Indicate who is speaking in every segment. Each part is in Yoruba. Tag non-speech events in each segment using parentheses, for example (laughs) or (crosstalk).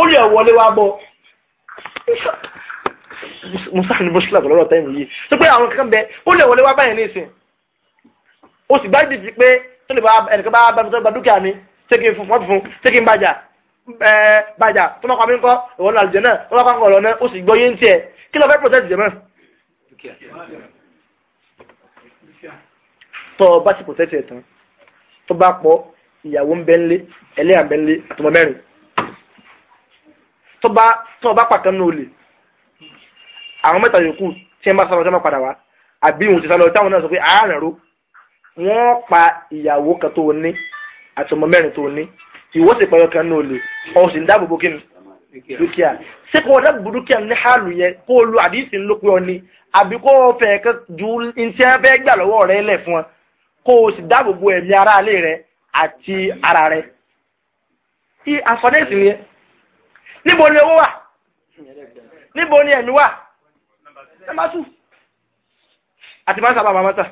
Speaker 1: ó rí ẹ̀ wọlé wá bọ́ musa ni mo ṣílẹ̀ lọ́rọ̀ tẹ́yìn yìí tó pé àwọn kankan bẹ ó lè wọlé wá báyìí ní ìsìn ó sì gbá ìdìjì pé tó lè bá ẹnìkan bá bá bá dúkìá mi ṣé kí n fún fún fún ṣé kí n bàjà bàjà tó máa kọ́ mi ń kọ́ ìwọ náà àlùjẹ náà ó máa kọ́ ọ̀rọ̀ ọ̀rọ̀ náà ó sì gbọ́ yé ń tiẹ̀ kí ló fẹ́ protect jẹ̀mọ́. tó o bá ti protect ẹ̀ tán tó bá pọ̀ ìyàwó ń bẹ́ńlé ẹlẹ́yà ń bẹ́ńlé àtọmọ mẹ́rin tó bá pàkan náà lè àwọn mẹ́ta yòókù tí ẹ bá sọ́rọ̀ jọ́mọ́ padà wá àbí òun ti sá lọ táwọn náà sọ pé àárín ro wọ́n pa ìyàwó kan tó ní àti ọmọ mẹ́rin tó ní ìwọ́ sì pẹ̀lú kan náà lè ọ̀hún sì ń dáàbòbò kí ni dúkìá ṣé kò dáàbòbò dúkìá ní hàlù yẹn kó o lo àdìsí ló pé ọ ni àbí kó o fẹ́ kan ju ntí ẹ fẹ́ gbà lọ́wọ́ rẹ lẹ̀ fún ọ kó o sì dáàbòbò ẹ̀mí aráalé rẹ àti ara rẹ níbo ni owó wà níbo ni ẹ̀mí wà nọ́mbà two àti máa ń sábà máa tà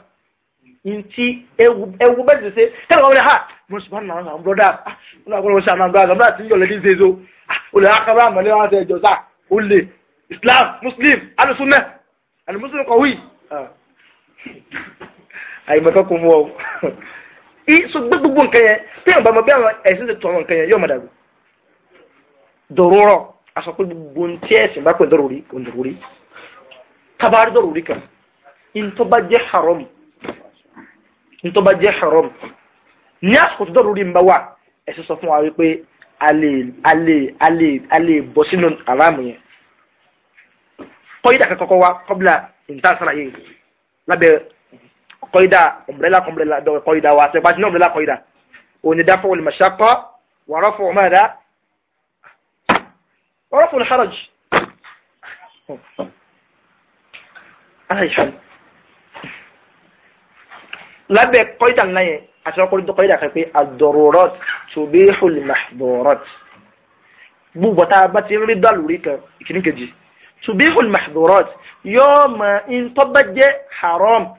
Speaker 1: ntí ewu bẹ́ẹ̀ ti ṣe kẹ́lẹ́ kọ́ wọlé ha mo sì bá nà án brọ́dà mo náà kọ́ lọ́wọ́ sí àná brọ́dà brọ́dà tí ń yọ̀ lẹ́dí ṣeéṣo olè ah! akaba àmọ́lé wọn àti ẹ̀jọ̀ sá olè Islam Muslim alusunna àti Muslim kọ̀wé àyìnbọ̀tọ́ kò mú ah! ọ. (laughs) gbogbo nǹkan yẹn tí yóò bá mọ bí àwọn ẹ̀sìn ti tọ̀ àwọn nǹkan yóò mọ̀ dàgbà dọ̀rọ̀rọ̀ a sọ pé gbogbo ohun tí ẹ̀sìn bá pè dọ̀rọ̀rí kò dọ̀rọ̀rí tabari dọ̀rọ̀rí kan in tó bá jẹ́ haram in tó bá jẹ́ haram ní àsìkò tó dọ̀rọ̀rí ń bá wà ẹ̀sìn sọ fún wa wípé a lè a lè a lè a lè bọ̀ sínú aráàmù yẹn kọ́ídà kankan wa kọ́bílà ìtàsára yìí lábẹ́ kọ́ídà ọ̀mbrẹ́là kọ́mbrẹ́là dọ̀rọ̀ kọ́ídà wa àti ìpàdé náà ọ̀mbrẹ́là kọ́ídà òní dáfọ́ olùmọ̀ṣàkọ́ wàrọ̀ fún ọmọ ẹ̀dá ورفع الحرج أنا لبك قيت الناي أشرق قلت قيد أخي في الضرورات تبيح المحظورات بو بتا بات يغري ضروري كان تبيح المحظورات يوم ان تبجي حرام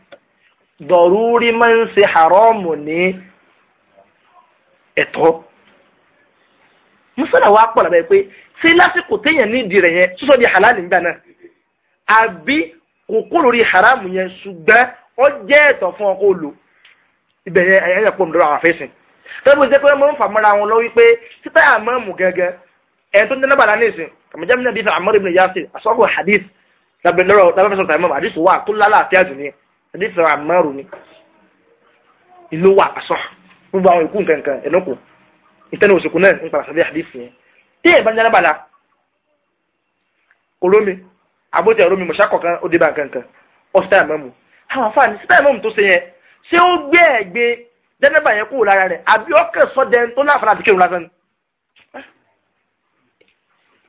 Speaker 1: ضروري من سي حرام ني اتو yusufana wa pọ̀ lábẹ́ pé ṣé lásìkò téèyàn nídìí rẹ̀ yẹn sísọ di halal nígbà náà àbí kókó lórí haramu yẹn ṣùgbọ́n ó jẹ́ ẹ̀tọ́ fún ọkọ̀ olò ibẹ̀ yẹn ẹ̀yẹ́ yẹn pọ̀ mi lọ́wọ́ àwọn afẹ́sìn tẹ́lẹ̀ bó ṣe pé wọ́n ń fàmọ́ra wọn lọ́wọ́ pé títà àmọ́ọ̀mù gẹ́gẹ́ ẹ̀ tó ń tẹ́ nábàlá ní ìsìn kàmíjá mi náà bí Ammar ibn Yasir asọ́kù hadith lábẹ́ lọ́rọ̀ ní hadith Ammar ni ìtẹ́nu òṣùkú náà ń padà sọ́dí àdìsí yẹn tí ẹ̀ bá ní alábàlá kò lómi àbótí ẹ̀rọ mi mọ̀ṣá kọ̀ọ̀kan ó dé bá nǹkan kan ó sì táyà mọ́mù àwọn afáàní sí táyà mọ́mù tó ṣe yẹn ṣé ó gbé ẹ̀gbẹ́ dẹ́nẹ́bà yẹn kúrò lára rẹ̀ àbí ọkẹ́ sọ́dẹ tó láǹfààní àti kírun lásán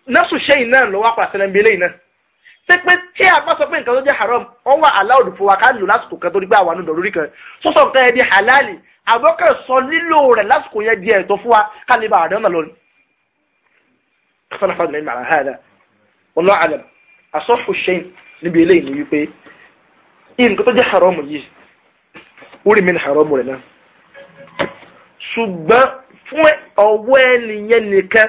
Speaker 1: ni nọ́ọ̀sù ṣẹ́yìn náà lọ́wọ́ àpàṣẹ pépé tí a bá sọ pé nǹkan tó jẹ́ haram wọ́n wà aláwòdù fún wa ká lò lásìkò kan tó nígbà wà nù lọ́rí kan sọ́sọ́ nǹkan ẹ̀ di halali àbọ̀kẹ́ sọ nílò rẹ̀ lásìkò yẹn di ẹ̀tọ́ fún wa ká lè bá àdánù lọ. fọlọ́fọlọ́ ní màrà hàdà ọlọ́ àlẹ́ àsọ́fù ṣẹ́yìn níbi eléyìí ni wípé nǹkan tó jẹ́ haram yìí orí mi ni haram rẹ̀ náà ṣùgbọ́n fún ọwọ́ ẹnìyẹn nìkan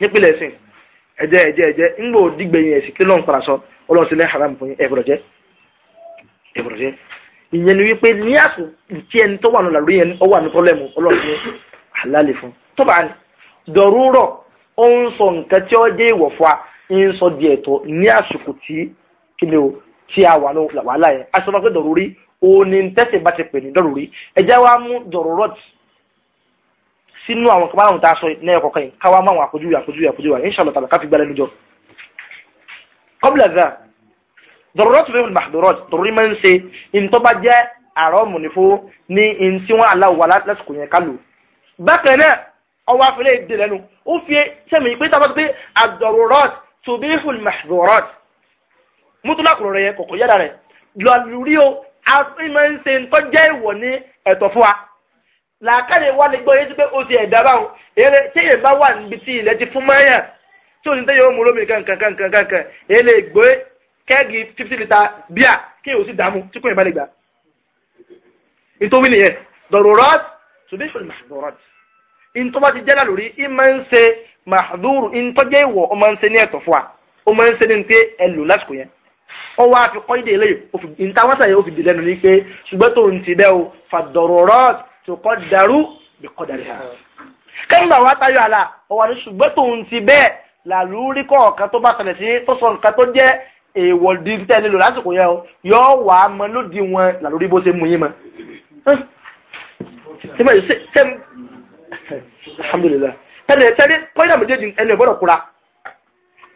Speaker 1: nípìnlẹ̀ ẹ̀sìn ẹ̀jẹ̀ ẹ̀jẹ̀ ẹ̀jẹ̀ ńgbò dígbẹ̀yìn ẹ̀sìn kí ló ń para sọ ọlọ́run haram fún yín ẹ̀bùrọ̀ jẹ́ ẹ̀bùrọ̀ ní ẹni tó wà nù làlórí yẹn wà ní pọ́lẹ́mù fún tó bá dọ̀rúrọ̀ ó ń sọ nǹkan tí ó ìwọ̀ fún wa ń sọ di ẹ̀tọ́ ní àsìkò tí kí ni o tí a wà yẹn sínú àwọn kọba àwọn tàà sọ ní ẹ̀kọ́ kan káwà máa wọn àpójú àpójú àpójú wa inshallah tàbí káfí gbálẹ̀ níjọ kọbílẹ̀ zá dọ̀rọ̀rọ̀ tó fẹ́ mahdọ̀rọ̀ dọ̀rọ̀rí máa ń ṣe in tó bá jẹ́ àrọ́ mùnífó ní in tí wọ́n aláwọ̀ wà lásìkò yẹn kálù bákan náà ọwọ́ afẹ́lẹ́ èdè lẹ́nu ó fi sẹ́mi pé tábà pé àdọ̀rọ̀rọ̀ tó bí fún mahdọ̀rọ̀ mútúlákùrọ̀ rẹ̀ kọ̀kọ̀ yára rẹ̀ lọ o a máa ń ṣe in tó jẹ́ ìwọ̀ ní ẹ̀tọ́ fún wa làákàyè wà ní gbọ́n yé ti pé o ti ẹ̀dá báwọn eré téèyàn bá wà níbi tí ilẹ̀ ti fún máyà tí o ní téèyàn ó mú lómi kankan kankan kankan èyí lè gbé kẹ́ẹ̀gì fifty litre bíà kí o sì dààmú tí kò yẹn bá lè gbà. nítorí nìyẹn dọ̀rọ̀rọ̀ tùbí ìṣòro màdúrọ̀ ìtọ́ bá ti jẹ́ lálórí ì máa ń ṣe màdúrù ìtọ́ jẹ́ ìwọ̀ ọ máa ń ṣe ní ẹ̀tọ́ fún wa ó máa ń ṣe ní pé ẹ lò lásìkò yẹn ó wá fi kọ́ ìdè eléyìí ìtawọ́sà yẹn ó fi dè lẹ́nu ní pé ṣùgbọ́n tó ń ti bẹ́ o fàdọ̀rọ̀rọ̀ tuqaddaru biqadariha kẹ́ńgbà wa tayọ àlà ọwà ní ṣùgbọ́n tòun ti bẹ́ẹ̀ làlúrí kọ̀ọ̀kan tó bá ṣẹlẹ̀ sí tó sọ nǹkan tó jẹ́ èèwọ̀ di tẹ́lẹ̀ lò lásìkò yẹn o yọ wà á mọ lódì wọn làlúrí bó ṣe mú yín mọ. tẹ́lẹ̀ tẹ́lẹ̀ pọ́ńdà méjèèjì ẹni ò gbọ́dọ̀ kura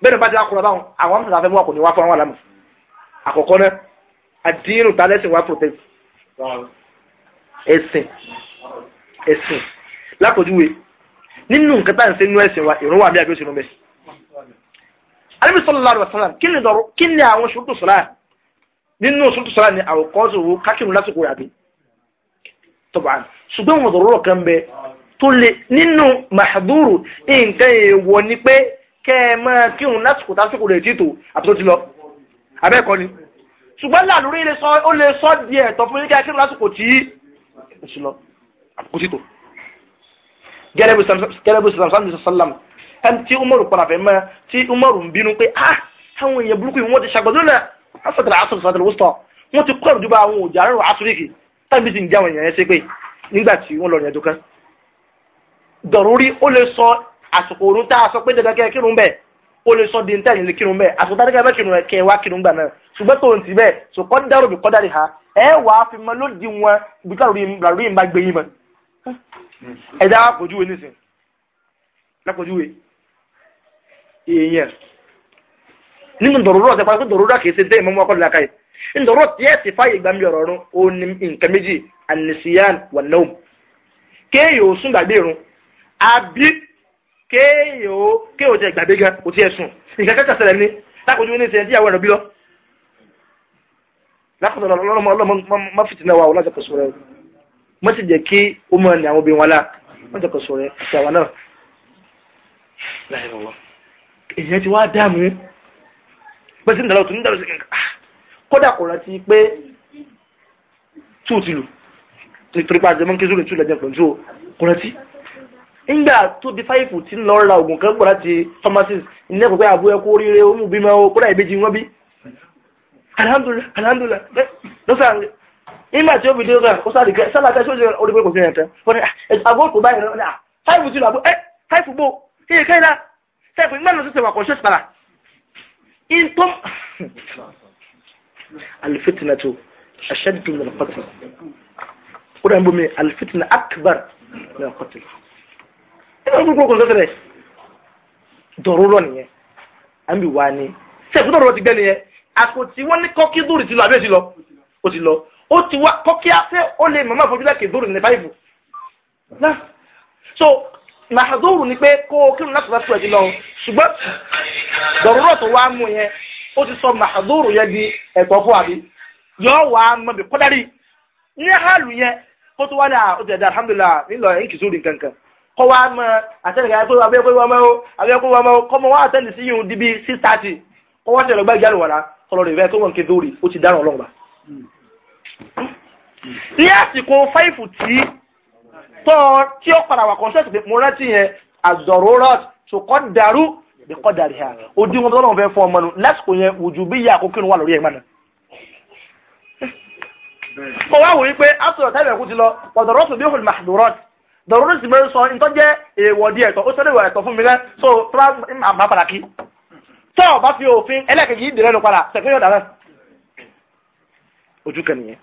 Speaker 1: bẹ́ẹ̀ ni bá ti wá kura báwọn àwọn àmì sàfẹ́ mú wa kò ní wá fún àwọn àlámù àkọ́kọ́ náà àdínrù tálẹ́sìn wá protect ẹ̀sìn ẹ̀sìn lápòjúwe nínú nǹkan tá à ń ṣe nínú ẹ̀sìn wa ìrun wà bí àbí òṣèlú bẹ́ẹ̀. alẹ́bí sallallahu alaihi wasallam kí ni dọ̀rọ̀ kí ni àwọn ṣòro tó sọ̀rọ̀ à nínú ṣòro tó sọ̀rọ̀ ni àwòkọ́ ṣòro kákìrún lásìkò yàbí tọ́ba ṣùgbọ́n wọn dọ̀rọ̀ kan bẹ tó le nínú màdúrù nǹkan èèwọ̀ ni pé kẹ́ ẹ máa kírun lásìkò tásìkò rẹ̀ títò àbúrò ti lọ abẹ́ẹ̀kọ́ ni ṣùgbọ́n láàlú rí ó lè sọ di ẹ̀tọ́ fún yíká kírun lásìkò tí inshallah àkókò títò gẹ́gẹ́ bó sàlám sàlám sàlám ẹni tí umaru padà fẹ́ mọ́ tí umaru ń bínú pé ah àwọn èèyàn burúkú yìí wọ́n ti ṣàgbọ́dọ́ náà asàtàrà asàtàrà asàtàrà wọ́sítọ̀ wọ́n ti kọ́ ìdúbà àwọn òjà rẹ̀ asúríkì tàbí ti ń jáwọn èèyàn yẹn ṣe pé nígbà tí wọ́n lọ rìn ẹ̀dùn kan dọ̀rúrí ó lè sọ àsìkò orun tá a sọ ẹ wà á fi mọ lódì wọn ibi tí làrúrí ń bá gbé yín mọ ẹ̀dá àpòjúwe nísìn lápòjúwe èèyàn nínú dọ̀rọ̀rọ̀ ọ̀tẹ̀ pàtàkì dọ̀rọ̀rọ̀ kìí ṣe dé ìmọ̀mọ́ ọkọ̀ làkàyè nínú dọ̀rọ̀ tí ẹ̀ sì fáyè gbàmí ọ̀rọ̀ ọ̀run ó ní nǹkan méjì anisiyan wà náà kéèyàn ò sún gbàgbé irun àbí kéèyàn ò kéèyàn ò tẹ gbàgbé gan kò tiẹ̀ sùn nǹkan kẹ́kẹ́ sẹlẹ̀ ní lápòjúwe ní ìṣẹ̀lẹ̀ tí ìyàwó ẹ̀rọ bí lọ lákòótọ́ ọlọ́mọ ọlọ́mọ má fìtínà wa ọlọ́jà kò sọ̀rọ̀ má sì jẹ́ kí ó mọ̀ ní àwọn obìnrin wa lá ọlọ́jà kò sọ̀rọ̀ ti àwa náà láì lọ́wọ́ èèyàn ti wá dààmú pé sí ìdàlọ́ tó ní ìdàlọ́ sí kankan kódà kò rántí pé tú ti lù nítorí pé àjẹmọ́ kézúrò tú lẹ́jẹ̀ pẹ̀lú kò rántí ńgbà tó di fáìfù tí ń lọ ra oògùn kan gbọ́ láti pharmacist ilé ẹ̀kọ́ pé àbúrò ẹ̀kọ́ oríire ó mú bímọ kódà ìbejì wọn bí alhamdulilah alhamdulilah lọ́sàn án nígbà tí ó fi dé ọ̀gá ó sáré gẹ́ sálà kẹ́sí òṣèré orí pé kò sí ẹ̀tẹ́ wọ́n ní ah, àbó tó báyìí ah, eh, náà táìpù tí làbó ẹ́ táìpù bò kéye kẹ́lá táìpù nígbà náà sísè wà kọ́ ṣẹ́sì padà in tó (laughs) alifitina tó aṣẹ́dùn lọ́nà kọ́tù ó dàn bómi alifitina akbar lọ́nà kọ́tù ẹ̀rọ gbogbo kò sọ́sẹ̀rẹ̀ dọ̀rọ̀ rọ̀ nìyẹn àmì wá ní sẹ́ẹ̀kú dọ̀rọ̀ ti gbẹ́ nìyẹn àpò tí wọ́n ní kọ́kí dùrù ti lọ àbí èsì lọ ó ti lọ ó ti wá kọ́kí afẹ́ ó lè mọ̀mọ́ àfojúlẹ̀ kì dùrù ní báyìí so màdùrù ni pé kó o kírun láti lásìkò ẹ̀jẹ̀ lọ ṣùgbọ́n dọ̀rọ̀rọ̀ tó wá mú yẹn ó ti sọ màdùrù yẹn di ẹ̀kọ́ fún àbí yóò wá mọ̀ bí kọ́dárì ní hàlù yẹn kó tó wá ní àwọn ọ̀dẹ̀ alhamdulillah nílò ẹ̀yìn kìsúrì kankan kọ́ wá mọ àtẹnìkan ẹgbẹ́ abẹ́kọ́ wọn mọ́ abẹ́kọ́ wọn mọ́ kọ́mọ wá àtẹnì sí yìí di bíi six thirty kọ́ wọ́n ti lọ gbá ìjálù wọ̀nà ọlọ́rọ̀ ìwẹ́ tó wọ́n ké dórí ó ti dáràn ọlọ́run bá hmm. ní àsìkò fáìfù tí tọ́ tí ó padà wà kọ́nsẹ́tì pé mo rántí yẹn àzọ̀rọ̀rọ̀ ṣùkọ́ dàrú ìkọ́ dàrí ha ó dín wọn tọ́lọ́run fẹ́ fún ọmọ nù lásìkò yẹn ojú bí ìyá àkókò wà lórí ẹ̀gbọ́n náà mo wá wòye pé after time ẹ̀kú ti lọ ọ̀dọ̀rọ̀ tó bí ó mahdurot dọ̀rọ̀ tó sì mẹ́rin sọ nǹkan jẹ́ èèwọ̀ díẹ̀ tọ́ ó sọ tọ́ ọba fi òfin ẹlẹ́kẹ̀kì yìí dìrẹ́nu padà tẹ̀fẹ́ yọ̀dà rẹ̀ ojú kẹ́niyẹn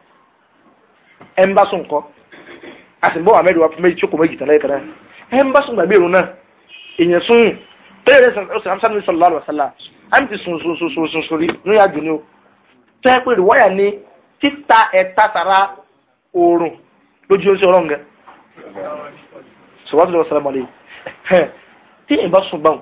Speaker 1: ẹ ń bá sùn kọ́ a sì ń bọ́ wà mẹ́rin wa méjì tí ó kò méjì tẹ̀lé kẹ́rẹ́ ẹ ń bá sùn gbàgbé ìrun náà èèyàn sùn tẹ́lẹ̀ rẹ̀ ọ̀sẹ̀ amsa ní sọ̀rọ̀ lọ́wọ́ sálà á ní ti sùn sùn sùn sùn sùn sùn rí ní àjò ni o tẹ́ pé ìwọ́yà ni títa ẹ̀ta tara oòrùn lójú oṣù ọlọ́ngẹ sọ̀rọ̀ àti ìjọba sálàmù alẹ́ tí ìbá sùn báwọn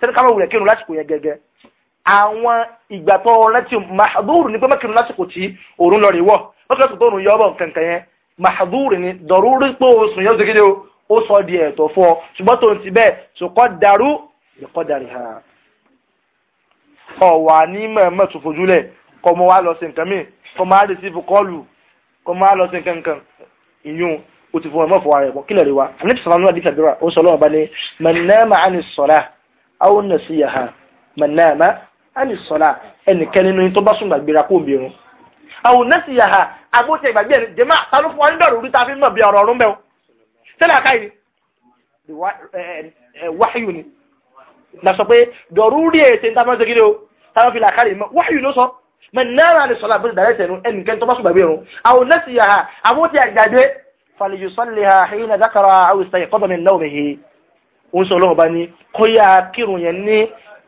Speaker 1: tẹ́lẹ̀ ká máa wulẹ̀ kírun lásìkò yẹn gẹ́gẹ́ àwọn ìgbà tó rántí mahadúrù ní pé mẹ́kìrún lásìkò tí òórùn lọ rè wọ̀ mẹ́kìrún tó òórùn yọ ọ̀bọ̀ kankan yẹn mahadúrù ni dọ̀rúrí pé oṣù yẹn ṣèkéde ó sọ di ẹ̀tọ́ fún ọ ṣùgbọ́n tó ń ti bẹ́ẹ̀ ṣùkọ́ darú ẹ̀kọ́ darí ha ọ̀wà ní mẹ́ẹ̀mẹ́ tó fojúlẹ̀ kọ́ mọ́ wá lọ sí nǹkan míì kọ́ máa rè sí fukọ́ọ̀lù kọ́ máa lọ sí nǹkan ìyún ó ti fún ọmọ fún ara ẹ̀ bọ́ kílẹ̀ rẹ̀ wa àníṣe sọ àwọn nàṣíyà ha mọ̀nàmá àní sọ̀lá ẹnìkan nínú yín tó bá sùn gbàgbéra kó mi rún. àwọn nàṣíyà ha agbóte ìgbàgbé ẹni jẹ́mà tánú fún wa nídọ̀rọ̀ orí ta fi mọ̀ bí ọ̀rọ̀ ọ̀rún bẹ́ẹ̀ o. tẹ́lẹ̀ àká yìí wáyù ni na sọ pé dọ̀rú rí ètè ní táwọn ṣe kí táwọn fi làkàrí mọ́ wáyù ló sọ mọ̀nàmá àní sọ̀lá àbúrò dàrẹ́tẹ̀ nù ẹnìkan tó bá sùn gbàgbé rún. àwọn nàṣíyà ha agbóte àgbàgbé fàlìyùsọ́lẹ̀ ó sọ ọlọ́run bá ní kó yá kírun yẹn ní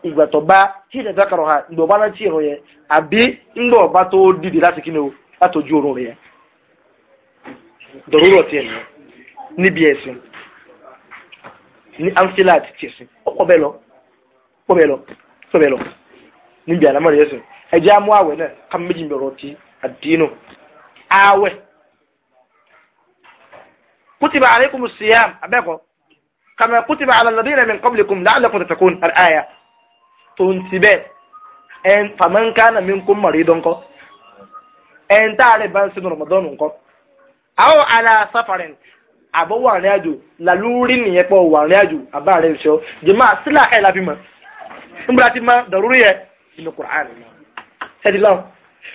Speaker 1: ìgbà tó bá ha ìgbà bá láti ìrun yẹn àbí ńgbà ọba tó dìde láti kí ni o láti ojú oorun rẹ̀ yẹn dọ̀rọ̀rọ̀ tiẹ̀ níbi ẹ̀sìn ní amphila àti tẹ̀sìn ọ̀pọ̀ bẹ́ẹ̀ lọ pọ̀ bẹ́ẹ̀ lọ pọ̀ bẹ́ẹ̀ lọ níbi ẹ̀sìn ẹ̀jẹ̀ amú àwẹ̀ náà ká méjì bẹ̀rọ̀ ti àdínù àwẹ̀ kútìbà abẹ́kọ̀ọ́ كما كتب على الذين من قبلكم tattaqun àlàyà tó ń ti bẹ́ẹ̀ ẹn faman kana minkum maridan ńkọ́ ẹn tá a rẹ̀ bá ń sinú Ramadan ńkọ́ àwọn ala safarin àbọ̀ wà rìn àjò làlúrí nìyẹn pọ̀ wà rìn àjò àbá rẹ̀ ṣọ́ jẹ́mọ́ sílà ẹ̀ láfi mọ̀ nígbà tí ma dàrúrí yẹ inú Qur'an ẹ̀dí lọ́wọ́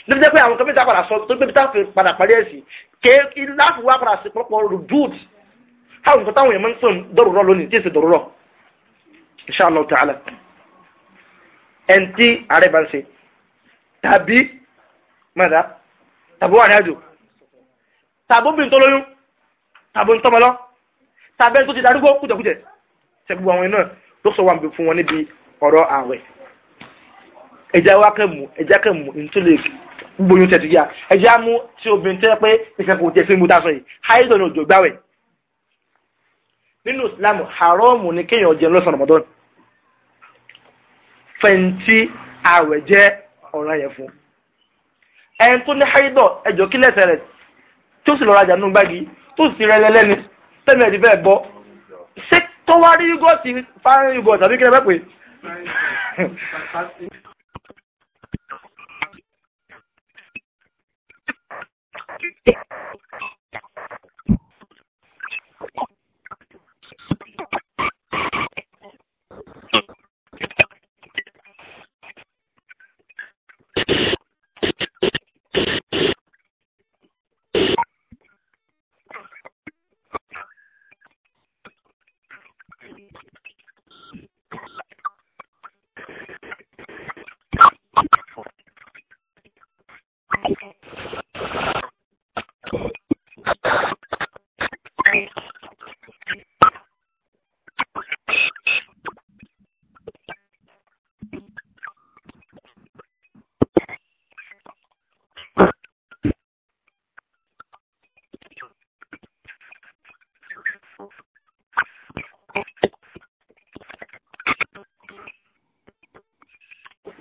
Speaker 1: níbi jẹ́ pé àwọn kọ́mítà padà sọ tó gbé bí táwọn padà parí ẹ̀sìn kéé láti wá padà sí pọ́pọ́ táwọn nǹkan táwọn èèyàn máa ń pè dọ̀rọ̀rọ̀ lónìí tí èsì dọ̀rọ̀rọ̀ inshallah ta'ala ẹn tí ààrẹ bá ń ṣe tàbí mẹ́ta tàbí wà ní àjò tàbí obìnrin tó lóyún tàbí ń tọ́mọlọ́ tàbí ẹni tó ti darúgbó kújẹkújẹ ṣe gbogbo àwọn iná ló sọ wà ń bẹ fún wọn níbi ọ̀rọ̀ ààwẹ̀ ẹja wa kẹ́mù ẹja kẹ́mù ìtúlẹ̀kì gbogbo oyún tẹ̀ ti yá ẹja mú tí obìnrin tẹ́ pé ìkẹ́kọ̀ọ́ nínú islam haramu ni kéèyàn jẹun lọ́sàn ramadan fẹ̀ǹtì ààwẹ̀ jẹ́ ọ̀ràn yẹn fún ẹni tó ní haidọ̀ ẹjọ́ kí lẹ́sẹ̀ rẹ̀ tó sì lọ́ra jànú gbági tó sì rẹ lẹ́lẹ́ni tẹ́mi ẹ̀dí bẹ́ẹ̀ bọ́ ṣé tó wá rí yúgọ́ọ̀tì fárin yúgọ́ọ̀tì àbí kí lẹ́ bẹ́ẹ̀ pé Yeah.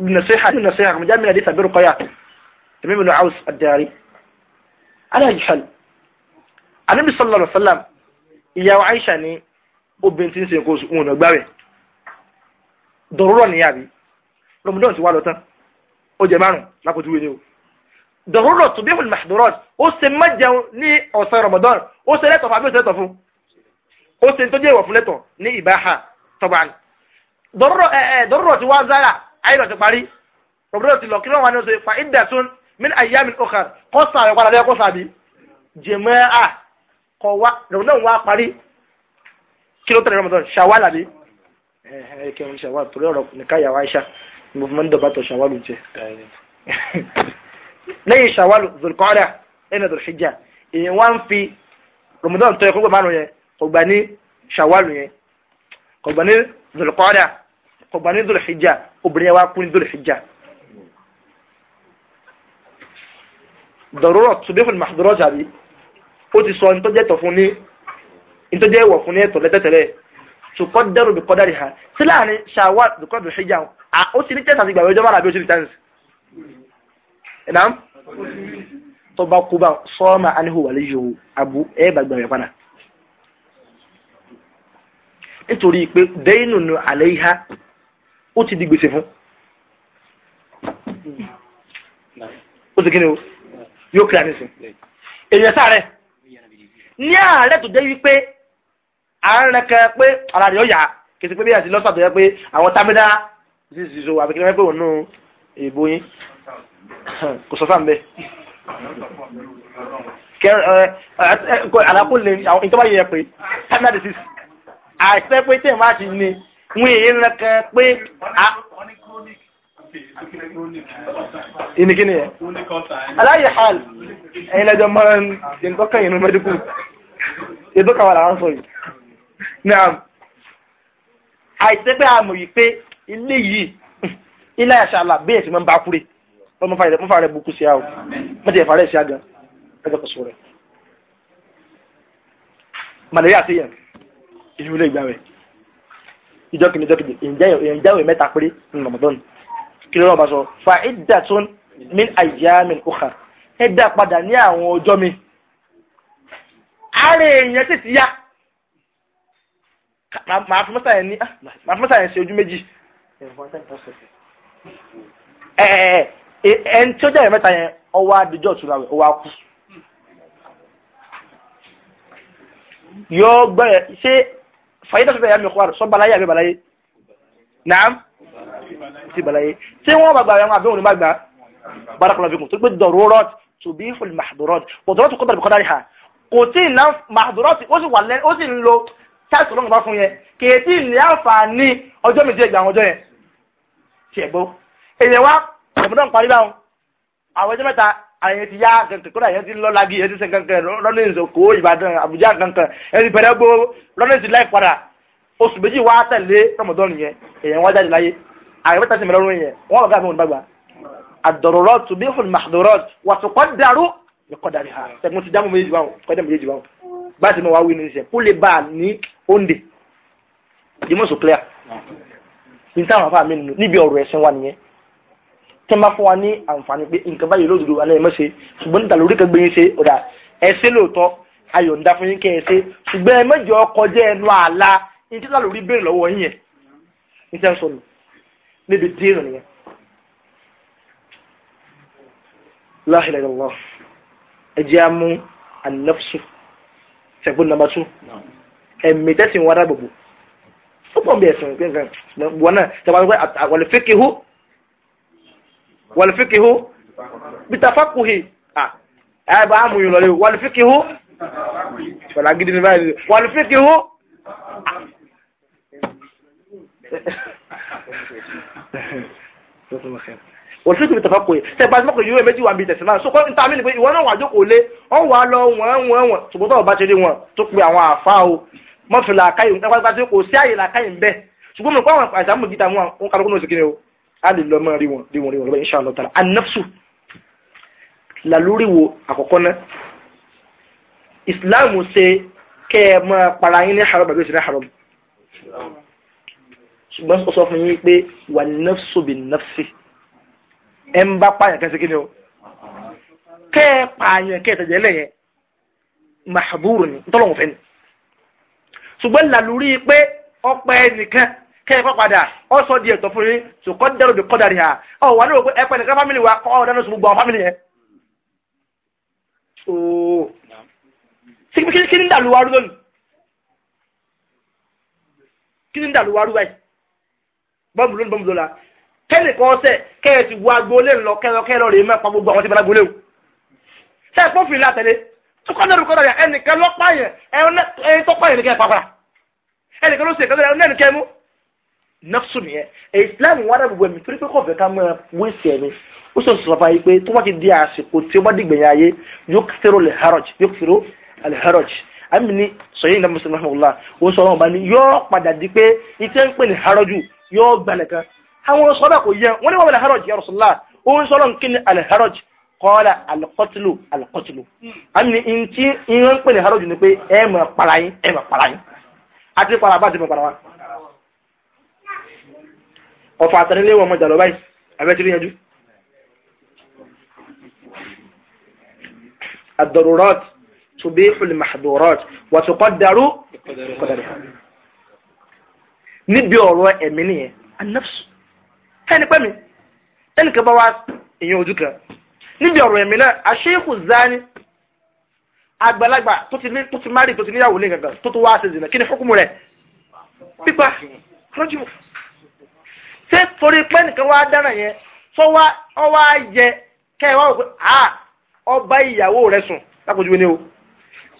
Speaker 1: النصيحة من النصيحة من جامعة ديسة برقية تميم بن عوس الداري على جحل النبي صلى الله عليه وسلم يا وعيشة ني وبنتين سيقوس اون وقبابي ضرورة نيابي رمضان سوالو تن او جمانو لكو تويني ضرورة طبيب المحضرات او سمجة ني او سي رمضان او سيلاتو فعبيو سيلاتو فو او سنتو جي وفلتو ني إباحة طبعا ضرورة آه، آه، ضرورة وازالة àyílọ̀ ti parí rọ̀bùdọ̀ ti lọ kí ló wà ní oṣù fa ìdẹ̀tún min ayyamin ukhar kọ́ sàrẹ̀ padà lẹ́yìn kọ́ sàbí jẹ̀mọ́ à kọ́ wá rọ̀bùdọ̀ wá parí kí ló tẹ̀lé rọ̀bùdọ̀ ṣàwá làbí ẹ̀ kí wọ́n ṣàwá torí ọ̀rọ̀ nìka yàwá iṣá mo fi mọ́ ń dọ̀bátọ̀ ṣàwálù jẹ (laughs) lẹ́yìn ṣàwálù zulkọ́dà ẹ̀nà dùrṣíjà èèyàn wá ń fi rọ̀bùdọ̀ tó yẹ kó gbà márùn yẹn kò gbà ní ṣàwálù yẹn kò gbà ní zulkọ́dà kò gbà ní dùrṣíjà obìnrin wa kú ní Dhul Hijjah dọ̀rọ̀rọ̀ tó bí fún mahdurat àbí ó ti sọ nítọ́jẹ́ tọ̀ fún ní nítọ́jẹ́ ìwọ̀ fún ní ẹ̀tọ́ lẹ́tẹ̀tẹ̀lẹ̀ tukọ́ dẹ́rù bí kọ́dárì ha sí láàrin Shawwal dùkọ́ Dhul Hijjah ó ti ní tẹ́sà ti gbàwé ọjọ́ mara ó ti ní tẹ́sì ẹ̀nàm tó bá kú bá sọ́ọ́mà anihu wà léyò abu ẹ̀ bá gbàwé padà nítorí pé dẹ́yìnù àlẹ́ ìhá ó ti di gbèsè fún ó ti kíni o yóò kíra nísìn èyàn sáré ní ààrẹ tó jẹ́ wípé ààrẹ kan pé ara rẹ̀ ó yà kìí pé bí àti lọ́sọ̀ tó yẹ pé àwọn tábídá zizzo àbíkínlẹ̀ pé òun náà èbó yín kò sọ fáà ń bẹ́ẹ̀ àlàkùn lè àwọn ìtọ́wà yẹ pé terminal disease àìsẹ́ pé tí ìmáàtì ni wọn èyí ń lẹ́kẹ́ pé ìnìkíni yẹ aláyè hàn ẹ̀yìn lẹ́jọ́ mọ́ ìdọ́kàn yìí ní mẹ́díkù ìdọ́kàn wà láwọn sọ yìí náà àìsẹ́ pé àmọ̀ yìí pé ilé yìí ilé àṣà àlà bí ẹ̀sìn mọ́ ń bá kúrè wọ́n mọ́ fà rẹ̀ bukú sí àwọn mọ́tẹ̀ ìfà rẹ̀ sí àgàn ẹgbẹ́ kọ̀sọ̀ rẹ̀ màlẹ́rí àti ìjọkìnì ìjọkìnì ìjáwé mẹ́ta péré ní Ramadan kí lọ́wọ́ bá sọ fa iddatun min ayyamin ukhar ẹ dá padà ní àwọn ọjọ́ mi ààrẹ èèyàn sì ti yá màá fi mọ́tà yẹn ní ah, màá fi mọ́tà yẹn ṣe ojú méjì ẹn tí ó jẹ́ mẹ́ta yẹn ọwọ́ adijọ́ ìtura rẹ̀ ọwọ́ akú yóò gbẹ̀rẹ̀ ṣé fàyídà tó tẹ̀yà mi kọ́ sọ balaye àbí balaye naam ti balaye tí wọ́n bá gba àwọn àbí òun ní bá gba barakallahu fikum tó gbé darurat tubihu al-mahdurat wọ̀dọ̀rọ̀ tó kọ́dà bìkọ́dà rí ha kò tí ì náà mahdurat ó sì wà lẹ́nu ó sì ń lo táàsì ọlọ́run bá fún yẹn kì í tí ì ní àǹfààní ọjọ́ méjì ẹgbẹ̀ àwọn ọjọ́ yẹn tí ẹ̀gbọ́ èèyàn wá ọmọdé ń parí báwọn àwọn ẹjọ́ mẹ́ta àyẹ̀ ti yá kankan kódà yẹn ti lọ lagi yẹn ti sẹ kankan Rollins Èkó Ìbàdàn Àbújá kankan yẹn ti bẹ̀rẹ̀ gbó Rollins láì padà oṣù méjì wá tẹ̀lé Ramadan yẹn èèyàn wá jáde láyé àyẹ̀ mẹ́ta ti mẹ́rọ lóyún yẹn wọ́n lọ́ọ́ káàmì onígbàgbà ad-darurat tubihu al-mahdurat wa tuqaddaru bi qadariha tẹ̀gbọ́n ti dámú méjì báwọn kọ́dà méjì báwọn bá ti mọ̀ wá wí ní sẹ́ kó lè bá a ní òǹdè ìmọ̀sọ̀ clear níbi ọ̀rọ̀ ẹ̀sìn wa nìyẹn tí wọ́n bá fún wa ní àǹfààní pé nǹkan báyìí lódodo àná ẹ̀ mọ́ṣe ṣùgbọ́n níta lórí kan gbẹ̀yìn ṣe ọ̀dà ẹ̀ṣẹ́ lóòótọ́ ayọ̀ ń dá fún yín kẹ́ ẹ ṣe ṣùgbọ́n ẹ mẹ́jọ kọjá ẹnu àlá ní títà lórí béèrè lọ́wọ́ yín yẹn ní tẹ́ ń sọnù níbi dínà nìyẹn. la ilaha illallah á mú ànáfṣù ṣẹ̀gbọ́n nàmbà tún ẹ̀mí tẹ́sí wọn rà gbogbo ó pọ̀ bí ẹ̀sìn wàlùfíkìhù bitafakuhi ẹ̀bà amòyìn lọ́lẹ́ wàlùfíkìhù pẹ̀lágídí ní báyìí wàlùfíkìhù wàlùfíkìhù bitafakuhi tẹ́gbà mọ́kò yíò méjì wà bí tẹ̀sìmáà so kọ́ ìta mí ni pé ìwọ́n náà wà jókòó lé wọ́n wà lọ wọ́n wọ́n wọ́n ṣùgbọ́n bá ti rí wọn tó pe àwọn àfáà o mọ́fìlà àkáyìn nípa tí kò sí àyè làkáyìn bẹ́ẹ̀ ṣùgbọ́n mọ̀ pé àwọn àìsàn mọ̀ gíta mú àwọn kálukú náà sì kí ni o a lè lọ máa rí wọn rí wọn rí wọn lọ́wọ́ insha Allah ta'ala anafsu làlórí wo àkọ́kọ́ náà islam ṣe kẹ́ ẹ máa para yín ní haram àbí òsínà haram ṣùgbọ́n sọ fún yín pé wà nafsu bin nafsi ẹ ń bá pààyàn kẹsí kí ni o kẹ́ ẹ pààyàn kẹ́ ẹ tẹ̀jẹ̀ lẹ́yìn mahaburu ni ntọ́lọ́wọ́n fẹ́ ni ṣùgbọ́n làlórí pé ọpẹ́ nìkan kẹ́ẹ̀kọ́ padà ọ sọ di ẹ̀tọ́ fún yín tó kọ́ dẹ́rù bí kọ́ dàrí ha ọ wà lóògbé ẹ̀pẹ́ nìkan fámìlì wa kọ́ ọ̀dánù sùn gbogbo àwọn fámìlì yẹn. kí ni ń dàlú warú lónìí kí ni ń dàlú warú báyìí bọ́ọ̀mù lónìí bọ́ọ̀mù lọ́la kẹ́ni kan sẹ́ kẹ́ẹ̀ ti wo agboolé ńlọ kẹ́rọ kẹ́rọ rèé mẹ́pa gbogbo àwọn tí bẹ́ẹ̀ agboolé wò sẹ́ẹ̀ pọ́fìn látẹ̀lé tó kọ́ dẹ́rù kọ́ dàrí ẹnìkan lọ́pàá yẹn ẹni tó pààyàn nìkan pàpàrà ẹnìkan ló ṣe ìkàlẹ́ ẹnìkan mú nọ́ọ̀sù nìyẹn islam wà dàbí wẹ̀mí torí pé kò fẹ́ ká mọ́ wíìsì ẹ̀mí ó sọ sọ fún yìí pé tó bá ti di àsìkò tí ó bá dìgbẹ̀yìn ayé yóò kẹsẹ̀rọ lè haraj yóò kẹsẹ̀rọ lè haraj àmì ní sọyìn náà mùsùlùmí rahmanullah ó sọ wọn bá ní yóò padà di pé iṣẹ́ ń pè ní haraju yóò gbalẹ̀ kan àwọn sọ́dọ̀ kò yẹ wọ́n ní wọ́n lè haraj ya rasulullah ó ń ọ̀fà àtẹ̀lẹ́lẹ́ wọn mọ̀jà lọ báyìí abẹ́tìrí yanjú ad-darurat tubihu al-mahdurat wa tuqaddaru níbi ọ̀rọ̀ ẹ̀mí nìyẹn an-nafs ẹni pẹ́mi ẹni kẹba wá èèyàn ojú kan níbi ọ̀rọ̀ ẹ̀mí náà aṣẹ́kù zani àgbàlagbà tó ti márì tó ti níyàwó ní gangan tó tó wá ṣe zina kí ni hukumu rẹ̀ pípa rọ́jú ṣé torí pé nìkan wá dára yẹn tó wá ọwá yẹ kẹwàá òpin à ọba ìyàwó rẹ̀ sùn lápòjúwe ní o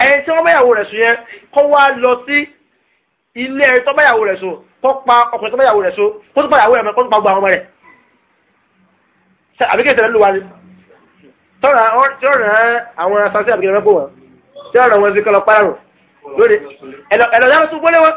Speaker 1: ẹni tí wọ́n bá ìyàwó rẹ̀ sùn yẹn kó wá lọ sí ilé ẹni tó bá ìyàwó rẹ̀ sùn kó pa ọkùnrin tó bá ìyàwó rẹ̀ sùn kó tó pa ìyàwó rẹ̀ mọ́ kó tó pa gbogbo àwọn ọmọ rẹ̀ àbíkẹ́ ìṣẹ̀lẹ̀ ló wá ní tọ́rọ̀ àwọn asánsẹ́ àbíkẹ́ ìrẹ́pọ̀ wọn tí wọ́n rọ̀ wọn sí kọlọ párọ̀ lórí ẹ̀lọ́dáró tún gbólé wọn